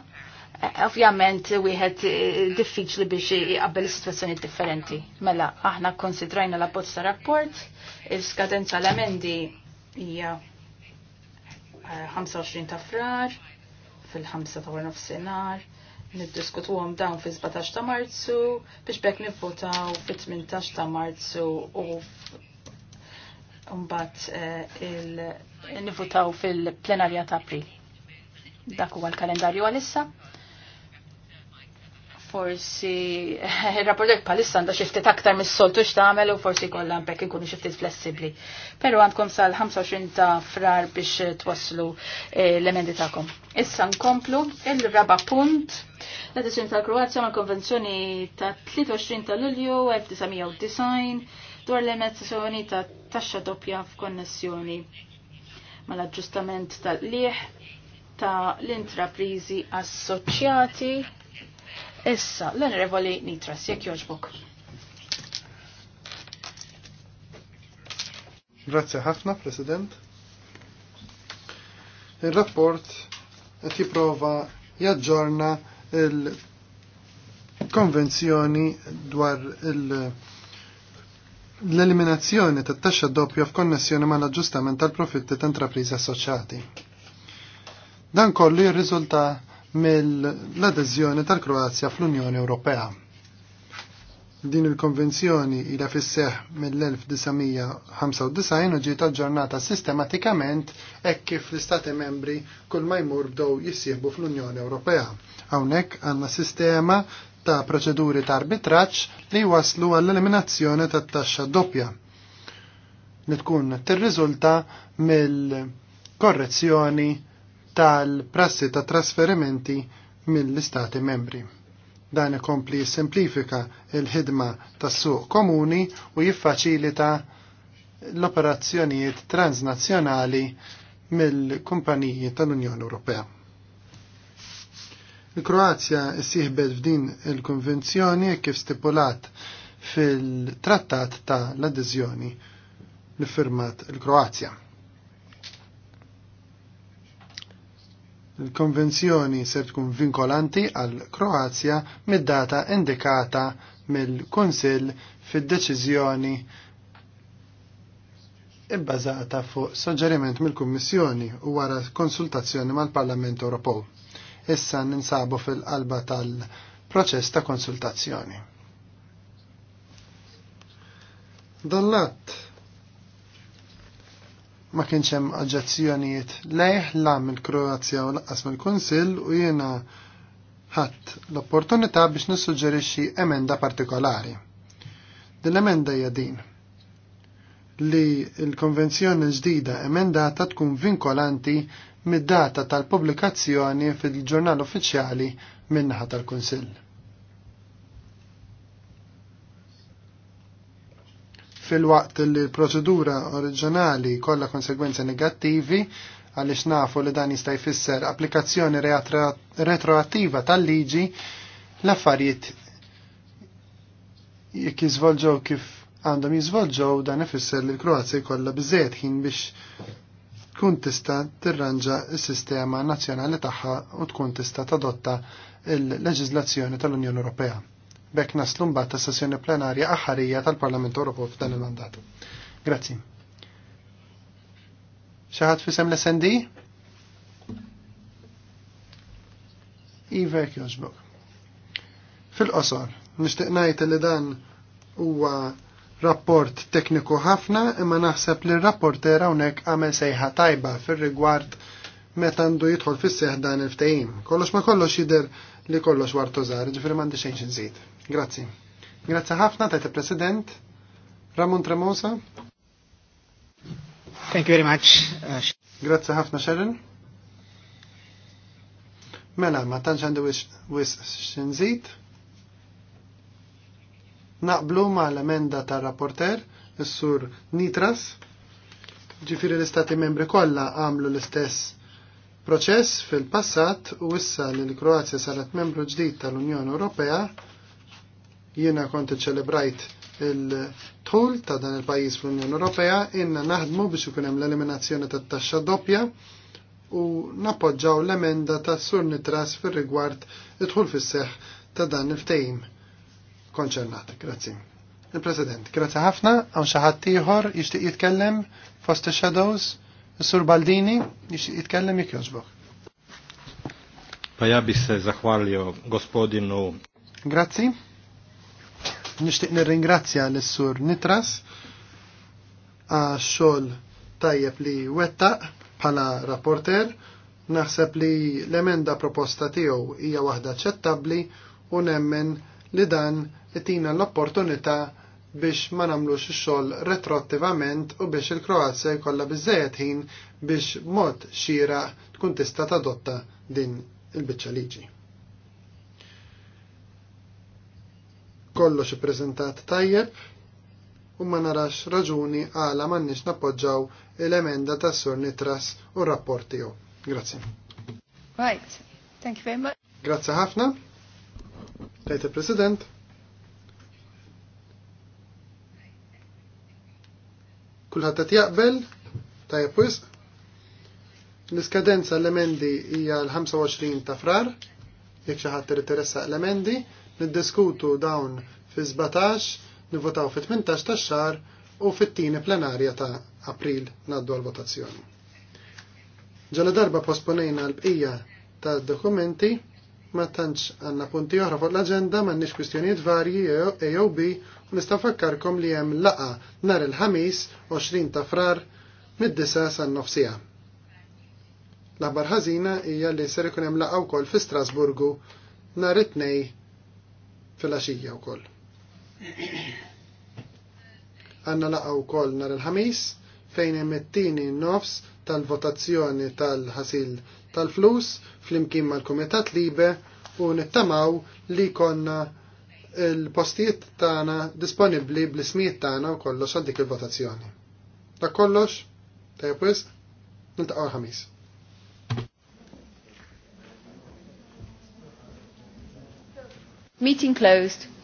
E, ovvjament wieħed e, diffiċli biex jgħabbel situazzjoni differenti. Mela, aħna konsidrajna la bozza rapport, il-skadenza l-emendi hija yeah Eh, 25 ta' frar, fil-5 ta' warna senar niddiskutu għom dawn fi 17 ta' marzu, biex bekk nivvotaw fil 18 ta' marzu u mbagħad eh, il nivvotaw fil-plenarja ta' april. Dak huwa l-kalendarju għalissa forsi il rapportek palissa għandha xiftit aktar mis-soltu x'tagħmel u forsi kolla bekk ikunu xiftit flessibbli. Però għandkom sal-25 ta' frar biex twaslu eh, l-emendi tagħkom. Issa nkomplu il-raba punt l edizjoni tal-Kroazja ma' konvenzjoni ta' 23 ta' Lulju 1990 dwar l emendizjoni ta' taxxa doppja f'konnessjoni mal-aġġustament tal liħ ta' l-intraprizi assoċjati Issa, l-onorevoli Nitras, jek joġbok. Grazie ħafna, President. Il-rapport qed jipprova jaġġorna il-konvenzjoni dwar l-eliminazzjoni tat-taxxa doppja f'konnessjoni mal aġġustament tal-profitti ta' intrapriżi assoċjati. Dan kollu jirriżulta mill-adeżjoni tal-Kroazja fl-Unjoni Ewropea. Din il-konvenzjoni ila fisseħ mill-1995 u ġiet aġġornata sistematikament hekk kif l-Istati membri kull ma jmur bdew jissieħbu fl-Unjoni Ewropea. Hawnhekk għandna sistema ta' proċeduri ta' arbitraġġ li waslu għall-eliminazzjoni tat-taxxa doppja li tkun tirriżulta mill-korrezzjoni tal-prassi ta' trasferimenti mill-istati membri. Dan ikompli simplifika il-ħidma tas suq komuni u jiffaċilita l-operazzjonijiet transnazzjonali mill-kumpaniji tal-Unjoni Ewropea. Il-Kroazja issieħbet f'din il-konvenzjoni kif stipulat fil-trattat ta' l-adizjoni li firmat il-Kroazja. Il-konvenzjoni ser tkun vinkolanti għal Kroazja mid-data indikata mill-Kunsill fid-deċiżjoni ibbażata fuq suġġeriment mill-Kummissjoni u wara konsultazzjoni mal-Parlament Ewropew. Issa ninsabu fil-qalba tal-proċess ta' konsultazzjoni. Dallat ma kienx hemm oġġezzjonijiet lejh la il kroazja u laqqas mill-Kunsill u jiena ħadd l-opportunità biex nissuġġerixxi emenda partikolari. Din l-emenda hija din li l-konvenzjoni ġdida emendata tkun vinkolanti mid-data tal-pubblikazzjoni fil-ġurnal uffiċjali minnaħa tal-Kunsill. fil-waqt li l-proċedura oriġinali kollha konsegwenzi negattivi għaliex nafu li dan jista' jfisser applikazzjoni retroattiva tal-liġi l-affarijiet jekk jiżvolġew kif għandhom jiżvolġew dan ifisser li l-Kroazja jkollha biżejjed ħin biex tkun tista' tirranġa s-sistema nazzjonali tagħha u tkun tista' tadotta il-leġiżlazzjoni tal-Unjoni Ewropea bekk naslu mbagħad ta' sessjoni plenarja aħħarija tal-Parlament Ewropew f'dan il-mandat. Grazzi. Xi ħadd fisem l-SND? Ivek Josbok. Fil-qosor, nixtieq ngħid li dan huwa rapport tekniku ħafna imma naħseb li r-rapporter hawnhekk għamel sejħa tajba fir-rigward meta għandu jidħol fis-seħ dan il-ftehim. Kollox ma kollox jidher li kollox warto żgħar, ġifieri m'għandi xejn xinżid. Grazzi. Grazzi ħafna tajt il-President Ramon Tremosa. Thank you very much. Uh, Grazzi ħafna Sharon. Mela, ma tantx għandi wis xinżid. Naqblu ma l-emenda tar-rapporter, is-sur Nitras. Ġifieri l-istati membri kollha għamlu l-istess Proċess fil-passat u issa li l-Kroazja saret membru ġdid tal-Unjoni Ewropea jiena kont ċelebrajt il tħul ta' dan il-pajis fl-Unjoni Ewropea inna naħdmu biex ikun hemm l-eliminazzjoni tat-taxxa doppja u nappoġġaw l-emenda ta' sur nitras fir-rigward idħul fis-seħħ ta' dan il-ftehim konċernat. Grazzi. Il-President, grazzi ħafna, għaw xaħat tiħor jishtiq jitkellem fost shadows. Sur Baldini, jitkellem jek joġbok. Pa bis se gospodinu. Grazzi. Nishtiq nirringrazzja l-sur Nitras għax xogħol tajjeb li wettaq bħala rapporter. Naħseb li l-emenda proposta tiegħu hija waħda ċettabbli u nemmen li dan itina l-opportunità biex ma namlux xogħol retroattivament u biex il-Kroazja jkollha biżejjed ħin biex mod xira tkun tista' tadotta din il-biċċa liġi. Kollox ippreżentat tajjeb u ma narax raġuni għala m'għandniex nappoġġaw il-emenda ta' Sur Nitras u r-rapport tiegħu. Grazzi. Right. Thank you very much. Grazzi ħafna. Tejt il-President. Kulħadd qed jaqbel, ta' jepwis. L-iskadenza l-emendi hija l-25 ta' frar, jekk xi ħadd l-emendi, niddiskutu dawn fi 17, nivvotaw fi 18 ta' xar u fit-tieni plenarja ta' April naddu għal-votazzjoni. Ġala darba posponejna l-bqija ta' dokumenti ma tantx għandna punti oħra fuq l-aġenda m'għandniex kwistjonijiet varji EOB u nista' fakkarkom li hemm laqa nhar il-ħamis 20 ta' frar mid-disa san-nofsija. L-aħbar ħażina hija li ser ikun hemm laqgħa wkoll fi Strasburgu nhar it-tnej fil-għaxija wkoll. Għanna laqgħa wkoll nhar il-ħamis fejn hemm it-tieni nofs tal-votazzjoni tal-ħasil tal-flus flimkien mal-Kumitat Libe u nittamaw li konna il-postijiet tagħna disponibbli bl-ismijiet tagħna u kollox għal dik il-votazzjoni. Ta' kollox, tajjeb wisq, niltaqgħu ħamis. Meeting closed.